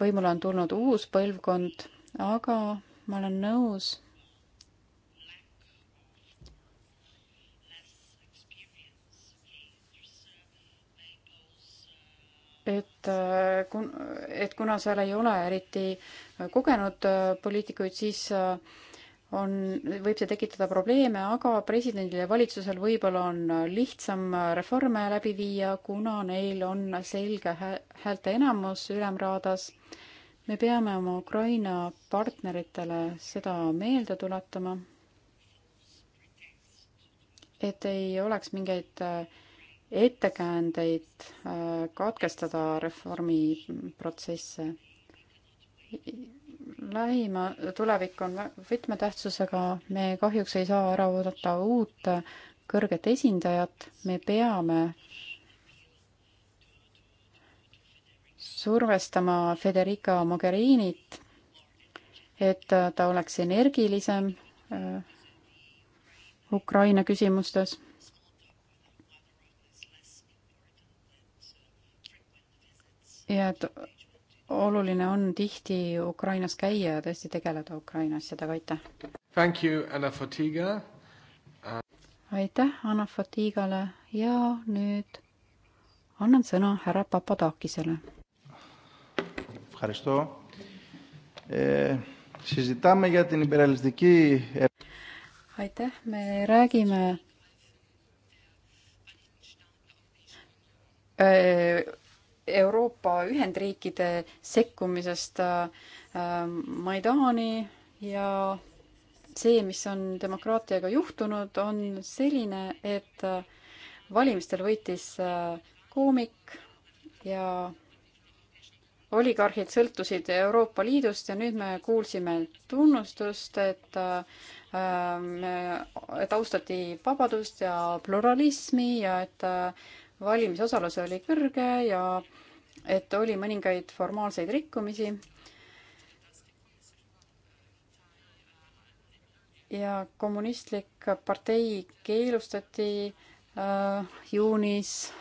võimule on tulnud uus põlvkond, aga ma olen nõus et äh, kun-, et kuna seal ei ole eriti äh, kogenud äh, poliitikuid, siis on, võib see tekitada probleeme, aga presidendil ja valitsusel võib-olla on lihtsam reforme läbi viia, kuna neil on selge häälte enamus ülemraadas. me peame oma Ukraina partneritele seda meelde tuletama, et ei oleks mingeid äh, ettekäändeid äh, katkestada reformiprotsesse. lähima tulevik on võtmetähtsusega, me kahjuks ei saa ära oodata uut äh, kõrget esindajat, me peame survestama Federica Mogherinit, et äh, ta oleks energilisem Ukraina küsimustes ja et oluline on tihti Ukrainas käia ja tõesti tegeleda Ukraina asjadega, aitäh! Thank you, Anna Fatiga uh...! aitäh Anna Fatigale ja nüüd annan sõna härra Papadakisele. aitäh, me räägime Euroopa Ühendriikide sekkumisest äh, äh, Maidani ja see, mis on demokraatiaga juhtunud, on selline, et äh, valimistel võitis koomik ja oligarhid sõltusid Euroopa Liidust ja nüüd me kuulsime tunnustust, et et austati vabadust ja pluralismi ja et valimisosalus oli kõrge ja et oli mõningaid formaalseid rikkumisi. ja kommunistlik partei keelustati äh, juunis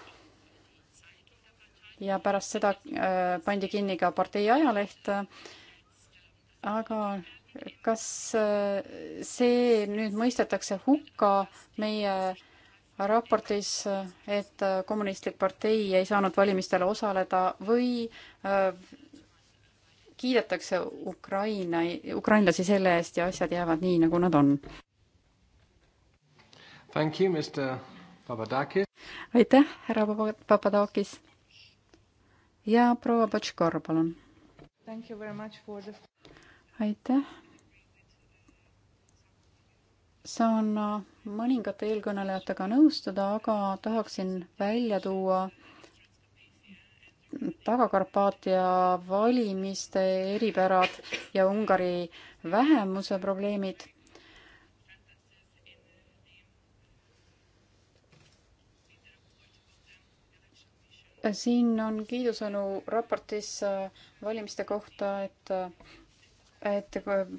ja pärast seda äh, pandi kinni ka partei ajaleht. aga kas äh, see nüüd mõistetakse hukka meie äh, raportis, et kommunistlik partei ei saanud valimistel osaleda või äh, kiidetakse Ukraina, ukrainlasi selle eest ja asjad jäävad nii, nagu nad on. aitäh, härra Papadakis. ja proua Potškor, palun. The... aitäh saan mõningate eelkõnelejatega nõustuda, aga tahaksin välja tuua Taga-Karpaatia valimiste eripärad ja Ungari vähemuse probleemid. siin on kiidusõnu raportis valimiste kohta, et et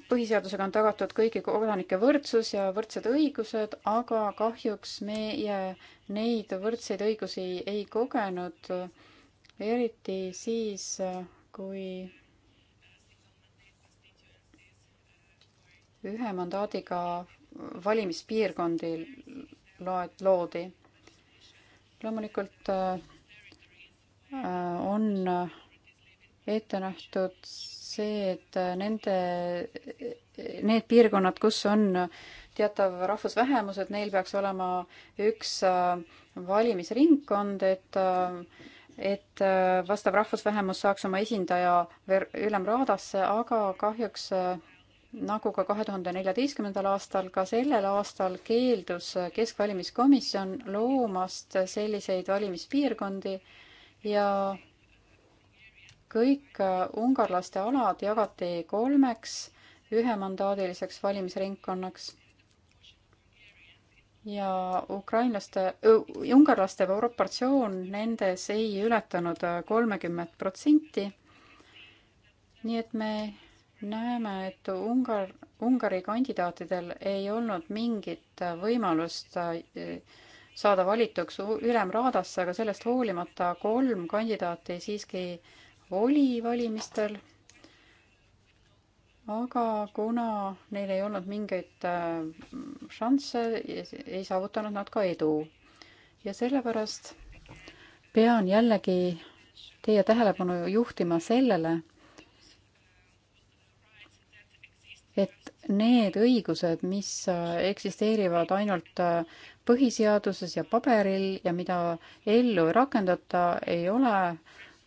põhiseadusega on tagatud kõigi kodanike võrdsus ja võrdsed õigused, aga kahjuks meie neid võrdseid õigusi ei kogenud, eriti siis, kui ühe mandaadiga valimispiirkondi loed, loodi. loomulikult äh, on ette nähtud see, et nende, need piirkonnad, kus on teatav rahvusvähemus, et neil peaks olema üks äh, valimisringkond, et äh, et äh, vastav rahvusvähemus saaks oma esindaja ülemraadasse, aga kahjuks nagu ka kahe tuhande neljateistkümnendal aastal, ka sellel aastal keeldus Keskvalimiskomisjon loomast selliseid valimispiirkondi ja kõik äh, ungarlaste alad jagati kolmeks ühemandaadiliseks valimisringkonnaks ja ukrainlaste, ungarlaste proportsioon nendes ei ületanud äh, kolmekümmet protsenti. nii et me näeme, et Ungar, Ungari kandidaatidel ei olnud mingit äh, võimalust saada valituks ülemraadasse, aga sellest hoolimata kolm kandidaati siiski oli valimistel, aga kuna neil ei olnud mingeid äh, šansse, ei saavutanud nad ka edu. ja sellepärast pean jällegi teie tähelepanu juhtima sellele, et need õigused, mis äh, eksisteerivad ainult äh, põhiseaduses ja paberil ja mida ellu ei rakendata, ei ole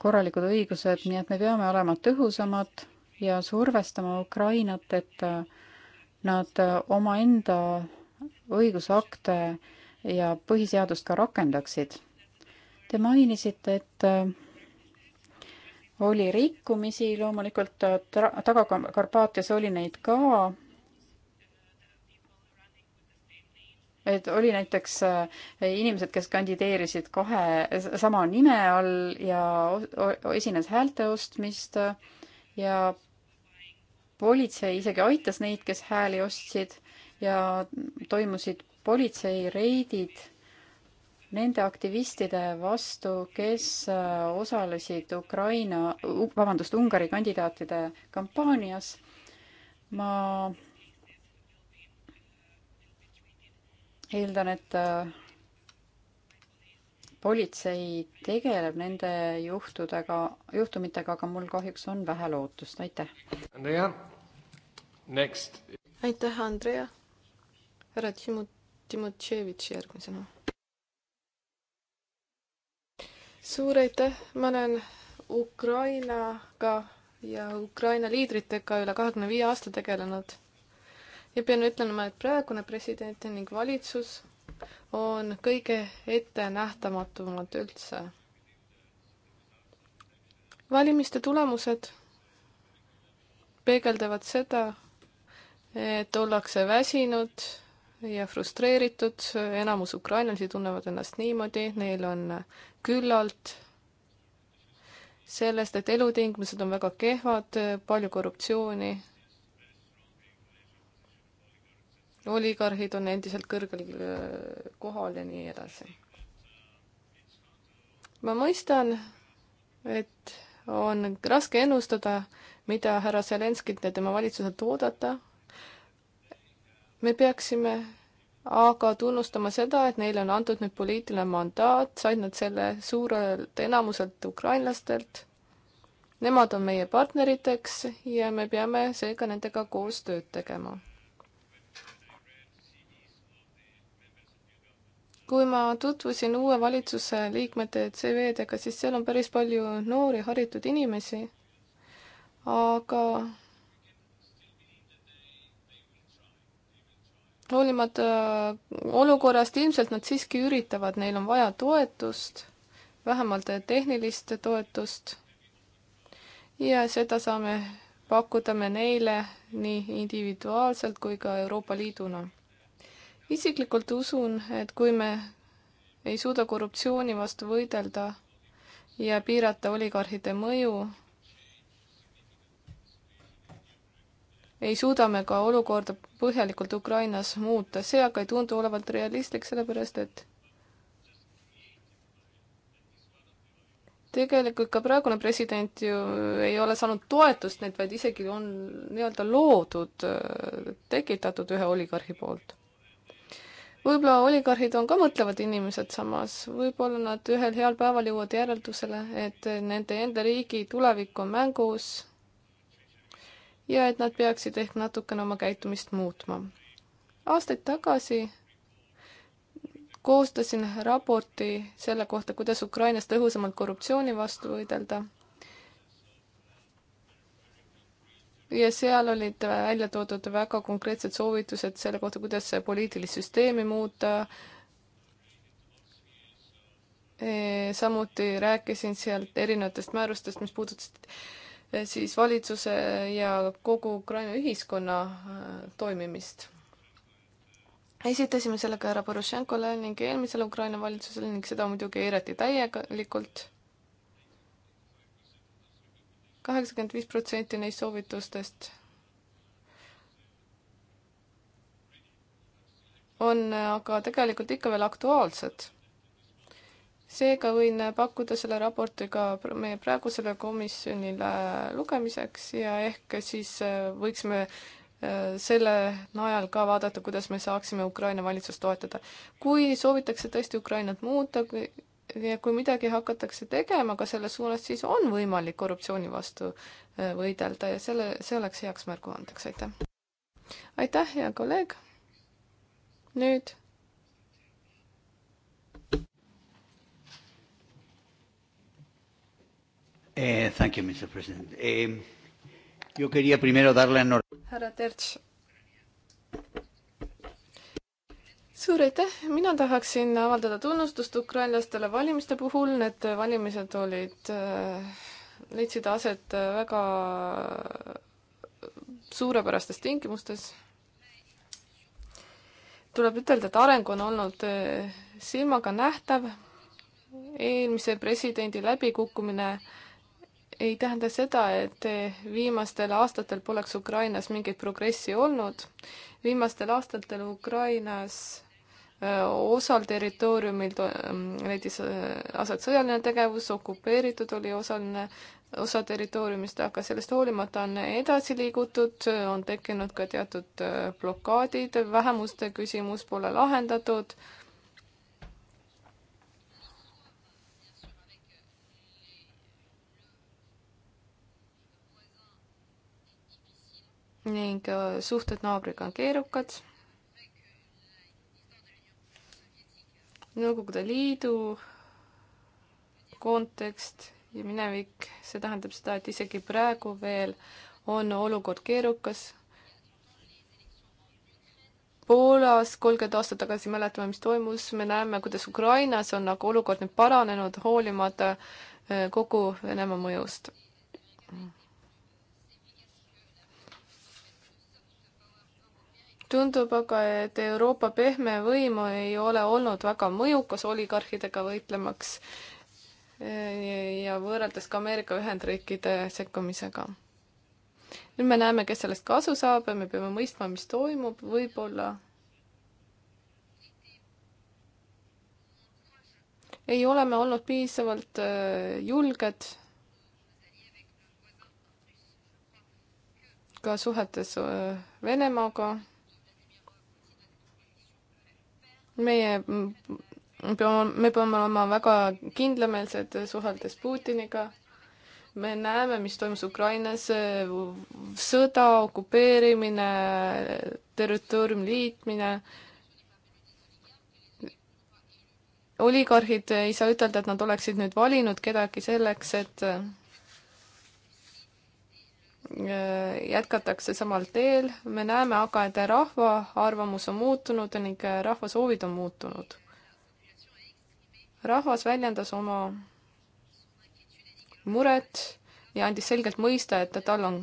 korralikud õigused, nii et me peame olema tõhusamad ja survestama Ukrainat, et äh, nad äh, omaenda õigusakte ja põhiseadust ka rakendaksid. Te mainisite, et äh, oli rikkumisi loomulikult, Taga-Karpaatias oli neid ka et oli näiteks äh, inimesed, kes kandideerisid kahe sama nime all ja esines häälte ostmist äh, ja politsei isegi aitas neid, kes hääli ostsid ja toimusid politseireidid nende aktivistide vastu, kes äh, osalesid Ukraina, vabandust, Ungari kandidaatide kampaanias. ma eeldan, et äh, politsei tegeleb nende juhtudega, juhtumitega, aga mul kahjuks on vähe lootust, aitäh. Andrea, next. aitäh, Andrea. härra Timo-, Timotševitš järgmisena. suur aitäh, ma olen Ukrainaga ja Ukraina liidritega üle kahekümne viie aasta tegelenud ja pean ütlema, et praegune president ning valitsus on kõige ettenähtamatumad üldse. valimiste tulemused peegeldavad seda, et ollakse väsinud ja frustreeritud, enamus ukrainlasi tunnevad ennast niimoodi, neil on küllalt sellest, et elutingimused on väga kehvad, palju korruptsiooni oligarhid on endiselt kõrgel äh, kohal ja nii edasi. ma mõistan, et on raske ennustada, mida härra Zelenskilt ja tema valitsuselt oodata. me peaksime aga tunnustama seda, et neile on antud nüüd poliitiline mandaat, said nad selle suurelt enamuselt ukrainlastelt. Nemad on meie partneriteks ja me peame seega nendega koostööd tegema kui ma tutvusin uue valitsuse liikmete CV-dega, siis seal on päris palju noori haritud inimesi, aga hoolimata äh, olukorrast ilmselt nad siiski üritavad, neil on vaja toetust, vähemalt äh, tehnilist toetust. ja seda saame pakkuda me neile nii individuaalselt kui ka Euroopa Liiduna isiklikult usun, et kui me ei suuda korruptsiooni vastu võidelda ja piirata oligarhide mõju, ei suuda me ka olukorda põhjalikult Ukrainas muuta, see aga ei tundu olevat realistlik, sellepärast et tegelikult ka praegune president ju ei ole saanud toetust neilt, vaid isegi on nii-öelda loodud, tekitatud ühe oligarhi poolt võib-olla oligarhid on ka mõtlevad inimesed samas, võib-olla nad ühel heal päeval jõuavad järeldusele, et nende enda riigi tulevik on mängus ja et nad peaksid ehk natukene oma käitumist muutma. aastaid tagasi koostasin raporti selle kohta, kuidas Ukrainas tõhusamalt korruptsiooni vastu võidelda ja seal olid välja toodud väga konkreetsed soovitused selle kohta, kuidas poliitilist süsteemi muuta. E, samuti rääkisin sealt erinevatest määrustest, mis puudutasid e, siis valitsuse ja kogu Ukraina ühiskonna e, toimimist. esitasime selle ka härra Porošenkole ning eelmisele Ukraina valitsusele ning seda muidugi eirati täielikult kaheksakümmend viis protsenti neist soovitustest on aga tegelikult ikka veel aktuaalsed. seega võin pakkuda selle raporti ka meie praegusele komisjonile lugemiseks ja ehk siis äh, võiksime äh, selle najal ka vaadata, kuidas me saaksime Ukraina valitsust toetada. kui soovitakse tõesti Ukrainat muuta, ja kui midagi hakatakse tegema ka selles suunas, siis on võimalik korruptsiooni vastu äh, võidelda ja selle, see oleks heaks märguandeks, aitäh. aitäh, hea kolleeg. nüüd. Eh, thank you, Mr. President. Eh, yo quería primero darle en... Härra Terts, suur aitäh, mina tahaksin avaldada tunnustust ukrainlastele valimiste puhul, need valimised olid, äh, leidsid aset äh, väga suurepärastes tingimustes. tuleb ütelda, et areng on olnud äh, silmaga nähtav. eelmise presidendi läbikukkumine ei tähenda seda, et viimastel aastatel poleks Ukrainas mingit progressi olnud. viimastel aastatel Ukrainas osal territooriumil mm, leidis aset sõjaline tegevus, okupeeritud oli osaline, osa territooriumist, aga sellest hoolimata on edasi liigutud, on tekkinud ka teatud blokaadid, vähemuste küsimus pole lahendatud ning suhted naabriga on keerukad Nõukogude Liidu kontekst ja minevik, see tähendab seda, et isegi praegu veel on olukord keerukas. Poolas kolmkümmend aastat tagasi mäletame, mis toimus, me näeme, kuidas Ukrainas on aga olukord nüüd paranenud, hoolimata äh, kogu Venemaa mõjust. tundub aga, et Euroopa pehme võimu ei ole olnud väga mõjukas oligarhidega võitlemaks eh, ja võrreldes ka Ameerika Ühendriikide sekkumisega. nüüd me näeme, kes sellest kasu saab ja me peame mõistma, mis toimub, võib-olla ei ole me olnud piisavalt eh, julged ka suhetes eh, Venemaaga meie peame, me peame olema väga kindlameelsed suheldes Putiniga. me näeme, mis toimus Ukrainas, sõda, okupeerimine, territooriumi liitmine. oligarhid ei saa ütelda, et nad oleksid nüüd valinud kedagi selleks, et Äh, jätkatakse samal teel, me näeme aga, et rahva arvamus on muutunud ning äh, rahva soovid on muutunud. rahvas väljendas oma muret ja andis selgelt mõista, et tal on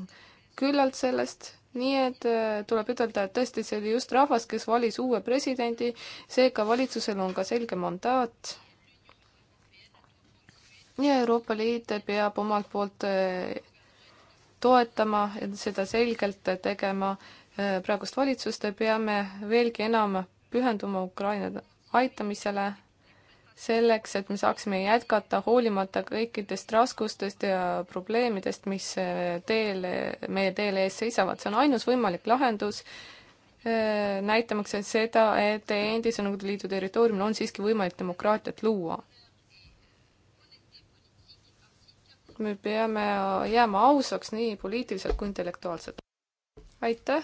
küllalt sellest, nii et äh, tuleb ütelda, et tõesti, see oli just rahvas, kes valis uue presidendi, seega valitsusel on ka selge mandaat. ja Euroopa Liit peab omalt poolt toetama, seda selgelt tegema äh, praegust valitsust, peame veelgi enam pühenduma Ukraina aitamisele, selleks, et me saaksime jätkata hoolimata kõikidest raskustest ja probleemidest, mis äh, teel, meie teel ees seisavad, see on ainus võimalik lahendus, äh, näitamaks seda, et endise Nõukogude Liidu territooriumil on siiski võimalik demokraatiat luua et me peame jääma ausaks nii poliitiliselt kui intellektuaalselt. aitäh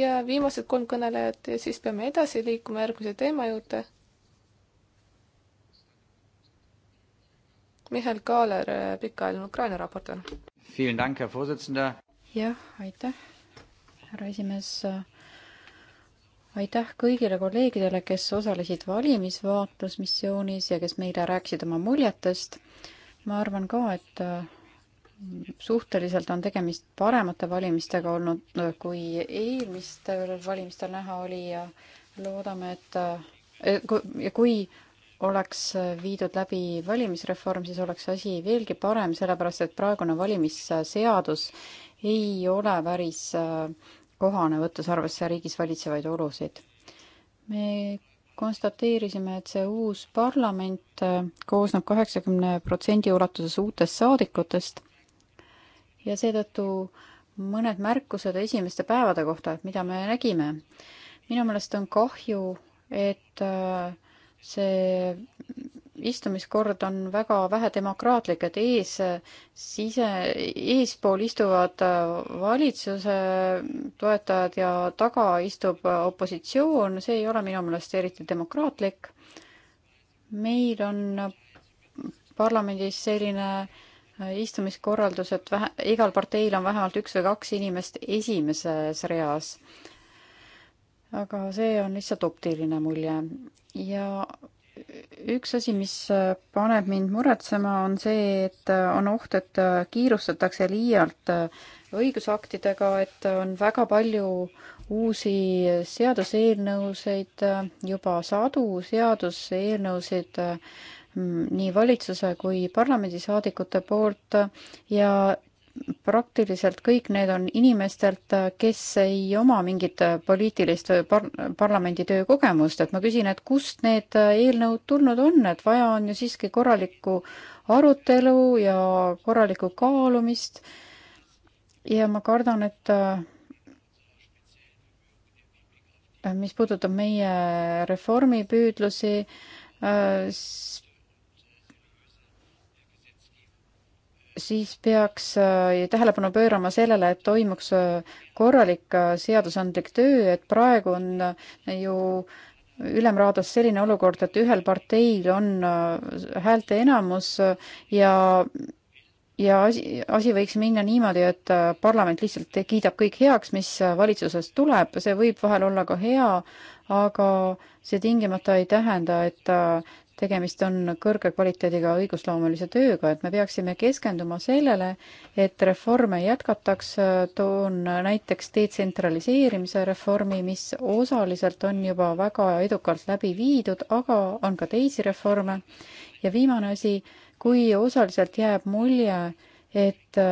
ja viimased kolm kõnelejat ja siis peame edasi liikuma järgmise teema juurde. Mihhail Kaaler, pikaajaline Ukraina raportöör. jah, aitäh, härra esimees. aitäh kõigile kolleegidele, kes osalesid valimisvaatlusmissioonis ja kes meile rääkisid oma muljetest ma arvan ka, et äh, suhteliselt on tegemist paremate valimistega olnud, äh, kui eelmistel valimistel näha oli ja loodame, et äh, kui, kui oleks viidud läbi valimisreform, siis oleks asi veelgi parem, sellepärast et praegune valimisseadus ei ole päris kohane, võttes arvesse riigis valitsevaid olusid. me konstateerisime, et see uus parlament äh, koosneb kaheksakümne protsendi ulatuses uutest saadikutest ja seetõttu mõned märkused esimeste päevade kohta, et mida me nägime. minu meelest on kahju, et äh, see istumiskord on väga vähe demokraatlik, et ees, sise, eespool istuvad äh, valitsuse toetajad ja taga istub äh, opositsioon, see ei ole minu meelest eriti demokraatlik. meil on äh, parlamendis selline istumiskorraldus, et vähe, igal parteil on vähemalt üks või kaks inimest esimeses reas. aga see on lihtsalt optiline mulje ja üks asi, mis äh, paneb mind muretsema, on see, et äh, on oht, et äh, kiirustatakse liialt õigusaktidega, et on väga palju uusi seaduseelnõusid, juba sadu seaduseelnõusid nii valitsuse kui parlamendisaadikute poolt ja praktiliselt kõik need on inimestelt, kes ei oma mingit poliitilist või par-, parlamendi töökogemust, et ma küsin, et kust need eelnõud tulnud on, et vaja on ju siiski korralikku arutelu ja korralikku kaalumist ja ma kardan, et mis puudutab meie reformipüüdlusi, siis peaks äh, tähelepanu pöörama sellele, et toimuks äh, korralik äh, seadusandlik töö, et praegu on ju ülemraadas selline olukord, et ühel parteil on häälte enamus ja ja asi, asi võiks minna niimoodi, et parlament lihtsalt kiidab kõik heaks, mis valitsusest tuleb, see võib vahel olla ka hea, aga see tingimata ei tähenda, et tegemist on kõrge kvaliteediga õigusloomelise tööga, et me peaksime keskenduma sellele, et reforme jätkataks, toon näiteks detsentraliseerimise reformi, mis osaliselt on juba väga edukalt läbi viidud, aga on ka teisi reforme. ja viimane asi, kui osaliselt jääb mulje, et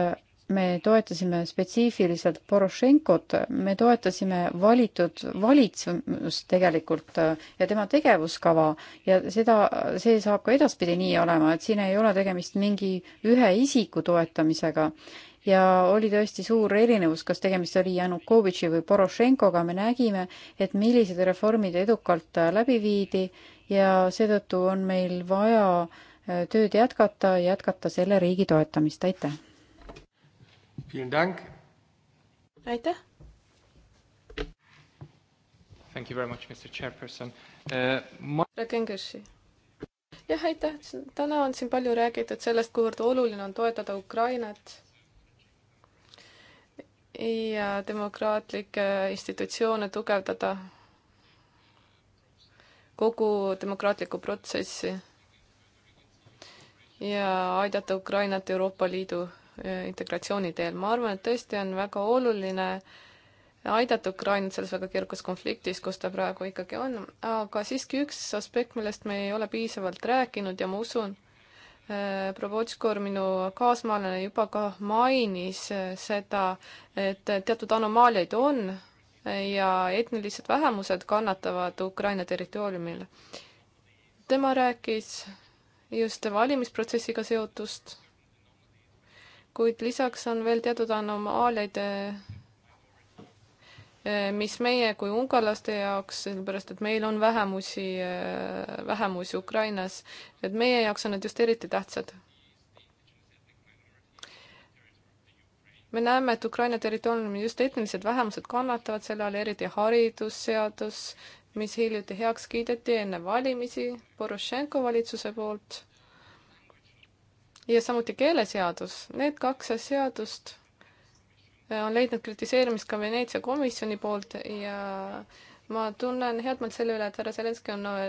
me toetasime spetsiifiliselt Porošenkot, me toetasime valitud valitsust tegelikult äh, ja tema tegevuskava ja seda, see saab ka edaspidi nii olema, et siin ei ole tegemist mingi ühe isiku toetamisega. ja oli tõesti suur erinevus, kas tegemist oli Janukovitši või Porošenkoga, me nägime, et millised reformid edukalt äh, läbi viidi ja seetõttu on meil vaja äh, tööd jätkata, jätkata selle riigi toetamist, aitäh! aitäh. Thank you very much, Mr Chairperson uh,. Ma... jah, aitäh, täna on siin palju räägitud sellest, kuivõrd oluline on toetada Ukrainat ja demokraatlikke institutsioone tugevdada, kogu demokraatlikku protsessi ja aidata Ukrainat Euroopa Liidu integratsiooni teel. ma arvan, et tõesti on väga oluline aidata Ukrainat selles väga keerukas konfliktis, kus ta praegu ikkagi on, aga siiski üks aspekt, millest me ei ole piisavalt rääkinud ja ma usun, äh, Probotškor, minu kaasmaalane, juba ka mainis äh, seda, et teatud anomaaliaid on ja etnilised vähemused kannatavad Ukraina territooriumil. tema rääkis just valimisprotsessiga seotust kuid lisaks on veel teatud anomaaliaid, eh, mis meie kui ungarlaste jaoks, sellepärast et meil on vähemusi, eh, vähemusi Ukrainas, et meie jaoks on need just eriti tähtsad. me näeme, et Ukraina territooriumil just etnilised vähemused kannatavad selle all, eriti haridusseadus, mis hiljuti heaks kiideti enne valimisi Porošenko valitsuse poolt ja samuti keeleseadus. Need kaks seadust äh, on leidnud kritiseerimist ka Veneetsia komisjoni poolt ja ma tunnen head meelt selle üle, et härra Zelenskõi on äh,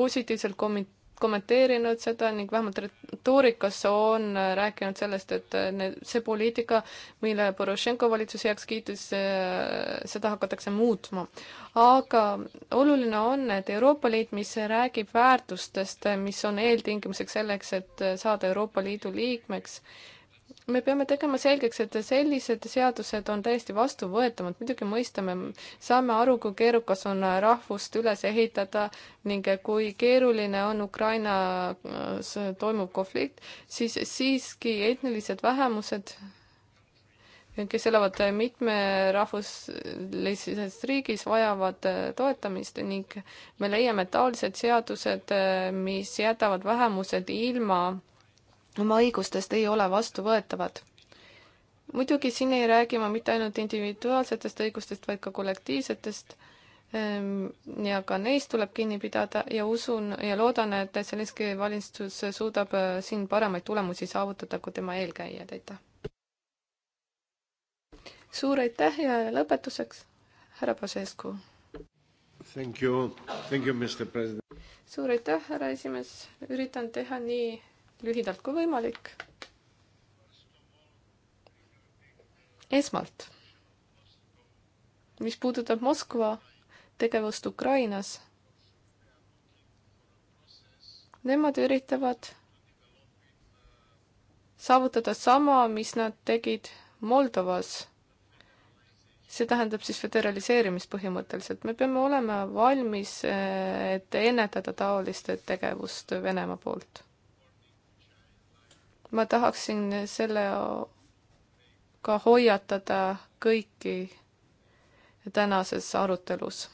positiivselt komment-, kommenteerinud seda ning vähemalt retoorikas on rääkinud sellest, et need, see poliitika, mille Porošenko valitsus heaks kiitis, seda hakatakse muutma. aga oluline on, et Euroopa Liit, mis räägib väärtustest, mis on eeltingimuseks selleks, et saada Euroopa Liidu liikmeks, me peame tegema selgeks, et sellised seadused on täiesti vastuvõetamatud, muidugi mõistame, saame aru, kui keerukas on rahvust üles ehitada ning kui keeruline on Ukrainas toimuv konflikt, siis siiski etnilised vähemused, kes elavad mitmerahvuslises riigis, vajavad toetamist ning me leiame taolised seadused, mis jätavad vähemused ilma oma õigustest ei ole vastuvõetavad. muidugi siin ei räägi ma mitte ainult individuaalsetest õigustest, vaid ka kollektiivsetest ehm, ja ka neist tuleb kinni pidada ja usun ja loodan, et Zelenski valitsus suudab äh, siin paremaid tulemusi saavutada kui tema eelkäijad, aitäh! suur aitäh ja lõpetuseks härra Pasescu! suur aitäh, härra esimees, üritan teha nii lühidalt kui võimalik. esmalt, mis puudutab Moskva tegevust Ukrainas, nemad üritavad saavutada sama, mis nad tegid Moldovas see tähendab siis föderaliseerimist põhimõtteliselt, me peame olema valmis, eh, et ennetada taolist tegevust Venemaa poolt ma tahaksin selle ka hoiatada kõiki tänases arutelus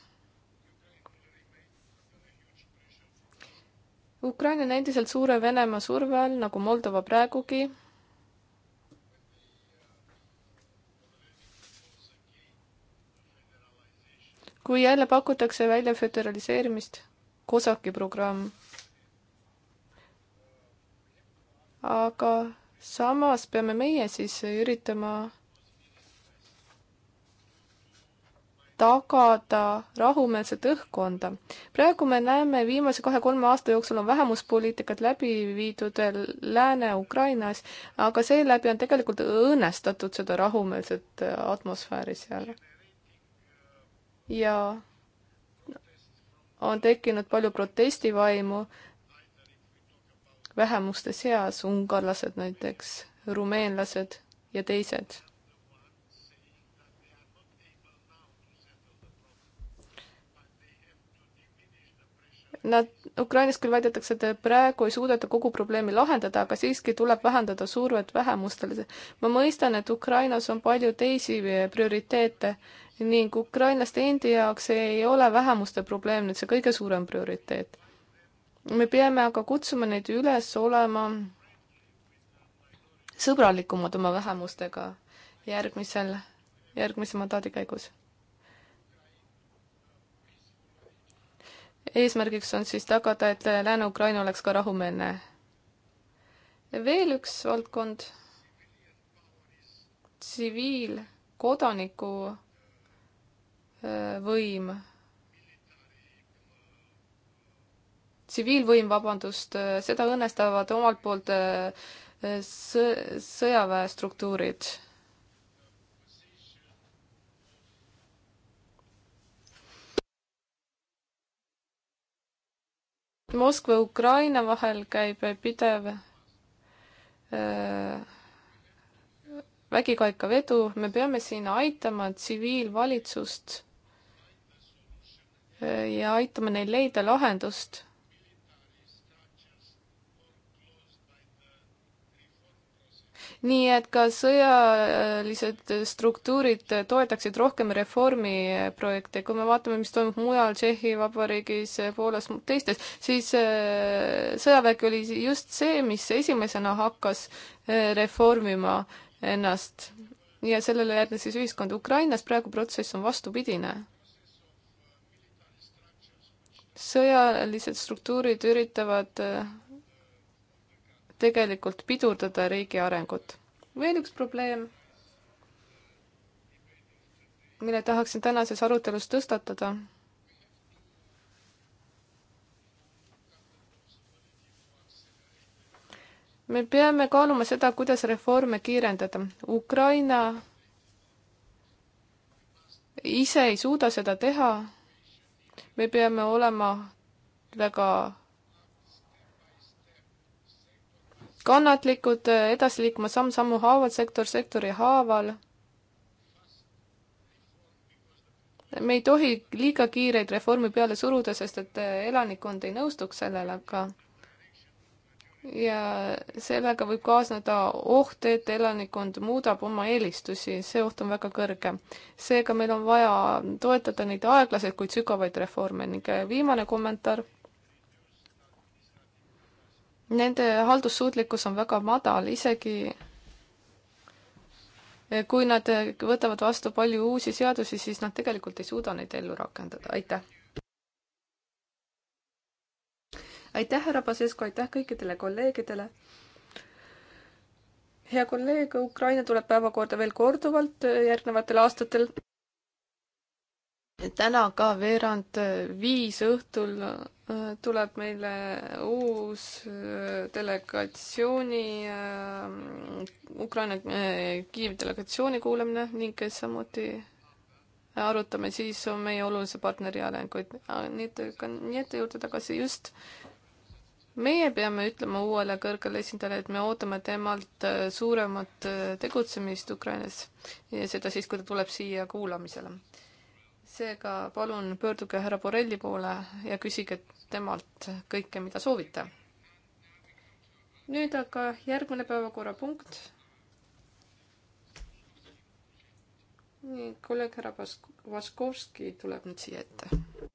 Ukraina on endiselt suure Venemaa surve all, nagu Moldova praegugi. kui jälle pakutakse välja föderaliseerimist, COSAC-i programm aga samas peame meie siis üritama tagada rahumeelset õhkkonda. praegu me näeme, viimase kahe-kolme aasta jooksul on vähemuspoliitikat läbi viidud Lääne-Ukrainas, aga seeläbi on tegelikult õõnestatud seda rahumeelset atmosfääri seal. ja on tekkinud palju protestivaimu vähemuste seas, ungarlased näiteks, rumeenlased ja teised. Nad, Ukrainas küll väidetakse, et praegu ei suudeta kogu probleemi lahendada, aga siiski tuleb vähendada survet vähemustele. ma mõistan, et Ukrainas on palju teisi prioriteete ning ukrainlaste endi jaoks ei ole vähemuste probleem nüüd see kõige suurem prioriteet me peame aga kutsuma neid üles olema sõbralikumad oma vähemustega järgmisel, järgmise mandaadi käigus. eesmärgiks on siis tagada, et Lääne-Ukraina oleks ka rahumeelne. veel üks valdkond, tsiviil, kodaniku äh, võim tsiviilvõim, vabandust, äh, seda õnnestavad omalt poolt äh, äh, sõ-, sõjaväestruktuurid. Moskva ja Ukraina vahel käib pidev vägikaikavedu, me peame siin aitama tsiviilvalitsust ja aitama neil leida lahendust nii et ka sõjalised struktuurid toetaksid rohkem reformiprojekte. kui me vaatame, mis toimub mujal Tšehhi Vabariigis, Poolas, teistes, siis äh, sõjavägi oli just see, mis esimesena hakkas äh, reformima ennast ja sellele järgnes siis ühiskond. Ukrainas praegu protsess on vastupidine sõjalised struktuurid üritavad äh, tegelikult pidurdada riigi arengut. veel üks probleem, mille tahaksin tänases arutelus tõstatada me peame kaaluma seda, kuidas reforme kiirendada. Ukraina ise ei suuda seda teha. me peame olema väga kannatlikud, äh, edasi liikuma samm-sammu haaval, sektor sektori haaval. me ei tohi liiga kiireid reforme peale suruda, sest et äh, elanikkond ei nõustuks sellele, aga ja sellega võib kaasneda oht, et elanikkond muudab oma eelistusi, see oht on väga kõrge. seega meil on vaja toetada neid aeglaseid, kuid sügavaid reforme ning äh, viimane kommentaar Nende haldussuutlikkus on väga madal, isegi eh, kui nad eh, võtavad vastu palju uusi seadusi, siis nad tegelikult ei suuda neid ellu rakendada, aitäh. aitäh, härra Pasesko, aitäh kõikidele kolleegidele. hea kolleeg, Ukraina tuleb päevakorda veel korduvalt eh, järgnevatel aastatel. täna ka veerand viis õhtul tuleb meile uus äh, delegatsiooni, äh, Ukraina äh, Kiievi delegatsiooni kuulamine ning samuti arutame siis meie olulise partneri arenguid. nüüd ka Niete juurde tagasi, just meie peame ütlema uuele kõrgele esindajale, et me ootame temalt suuremat tegutsemist Ukrainas ja seda siis, kui ta tuleb siia kuulamisele seega palun pöörduge härra Borrelli poole ja küsige temalt kõike, mida soovite. nüüd aga järgmine päevakorrapunkt. nii, kolleeg härra Vaskovski tuleb nüüd siia ette.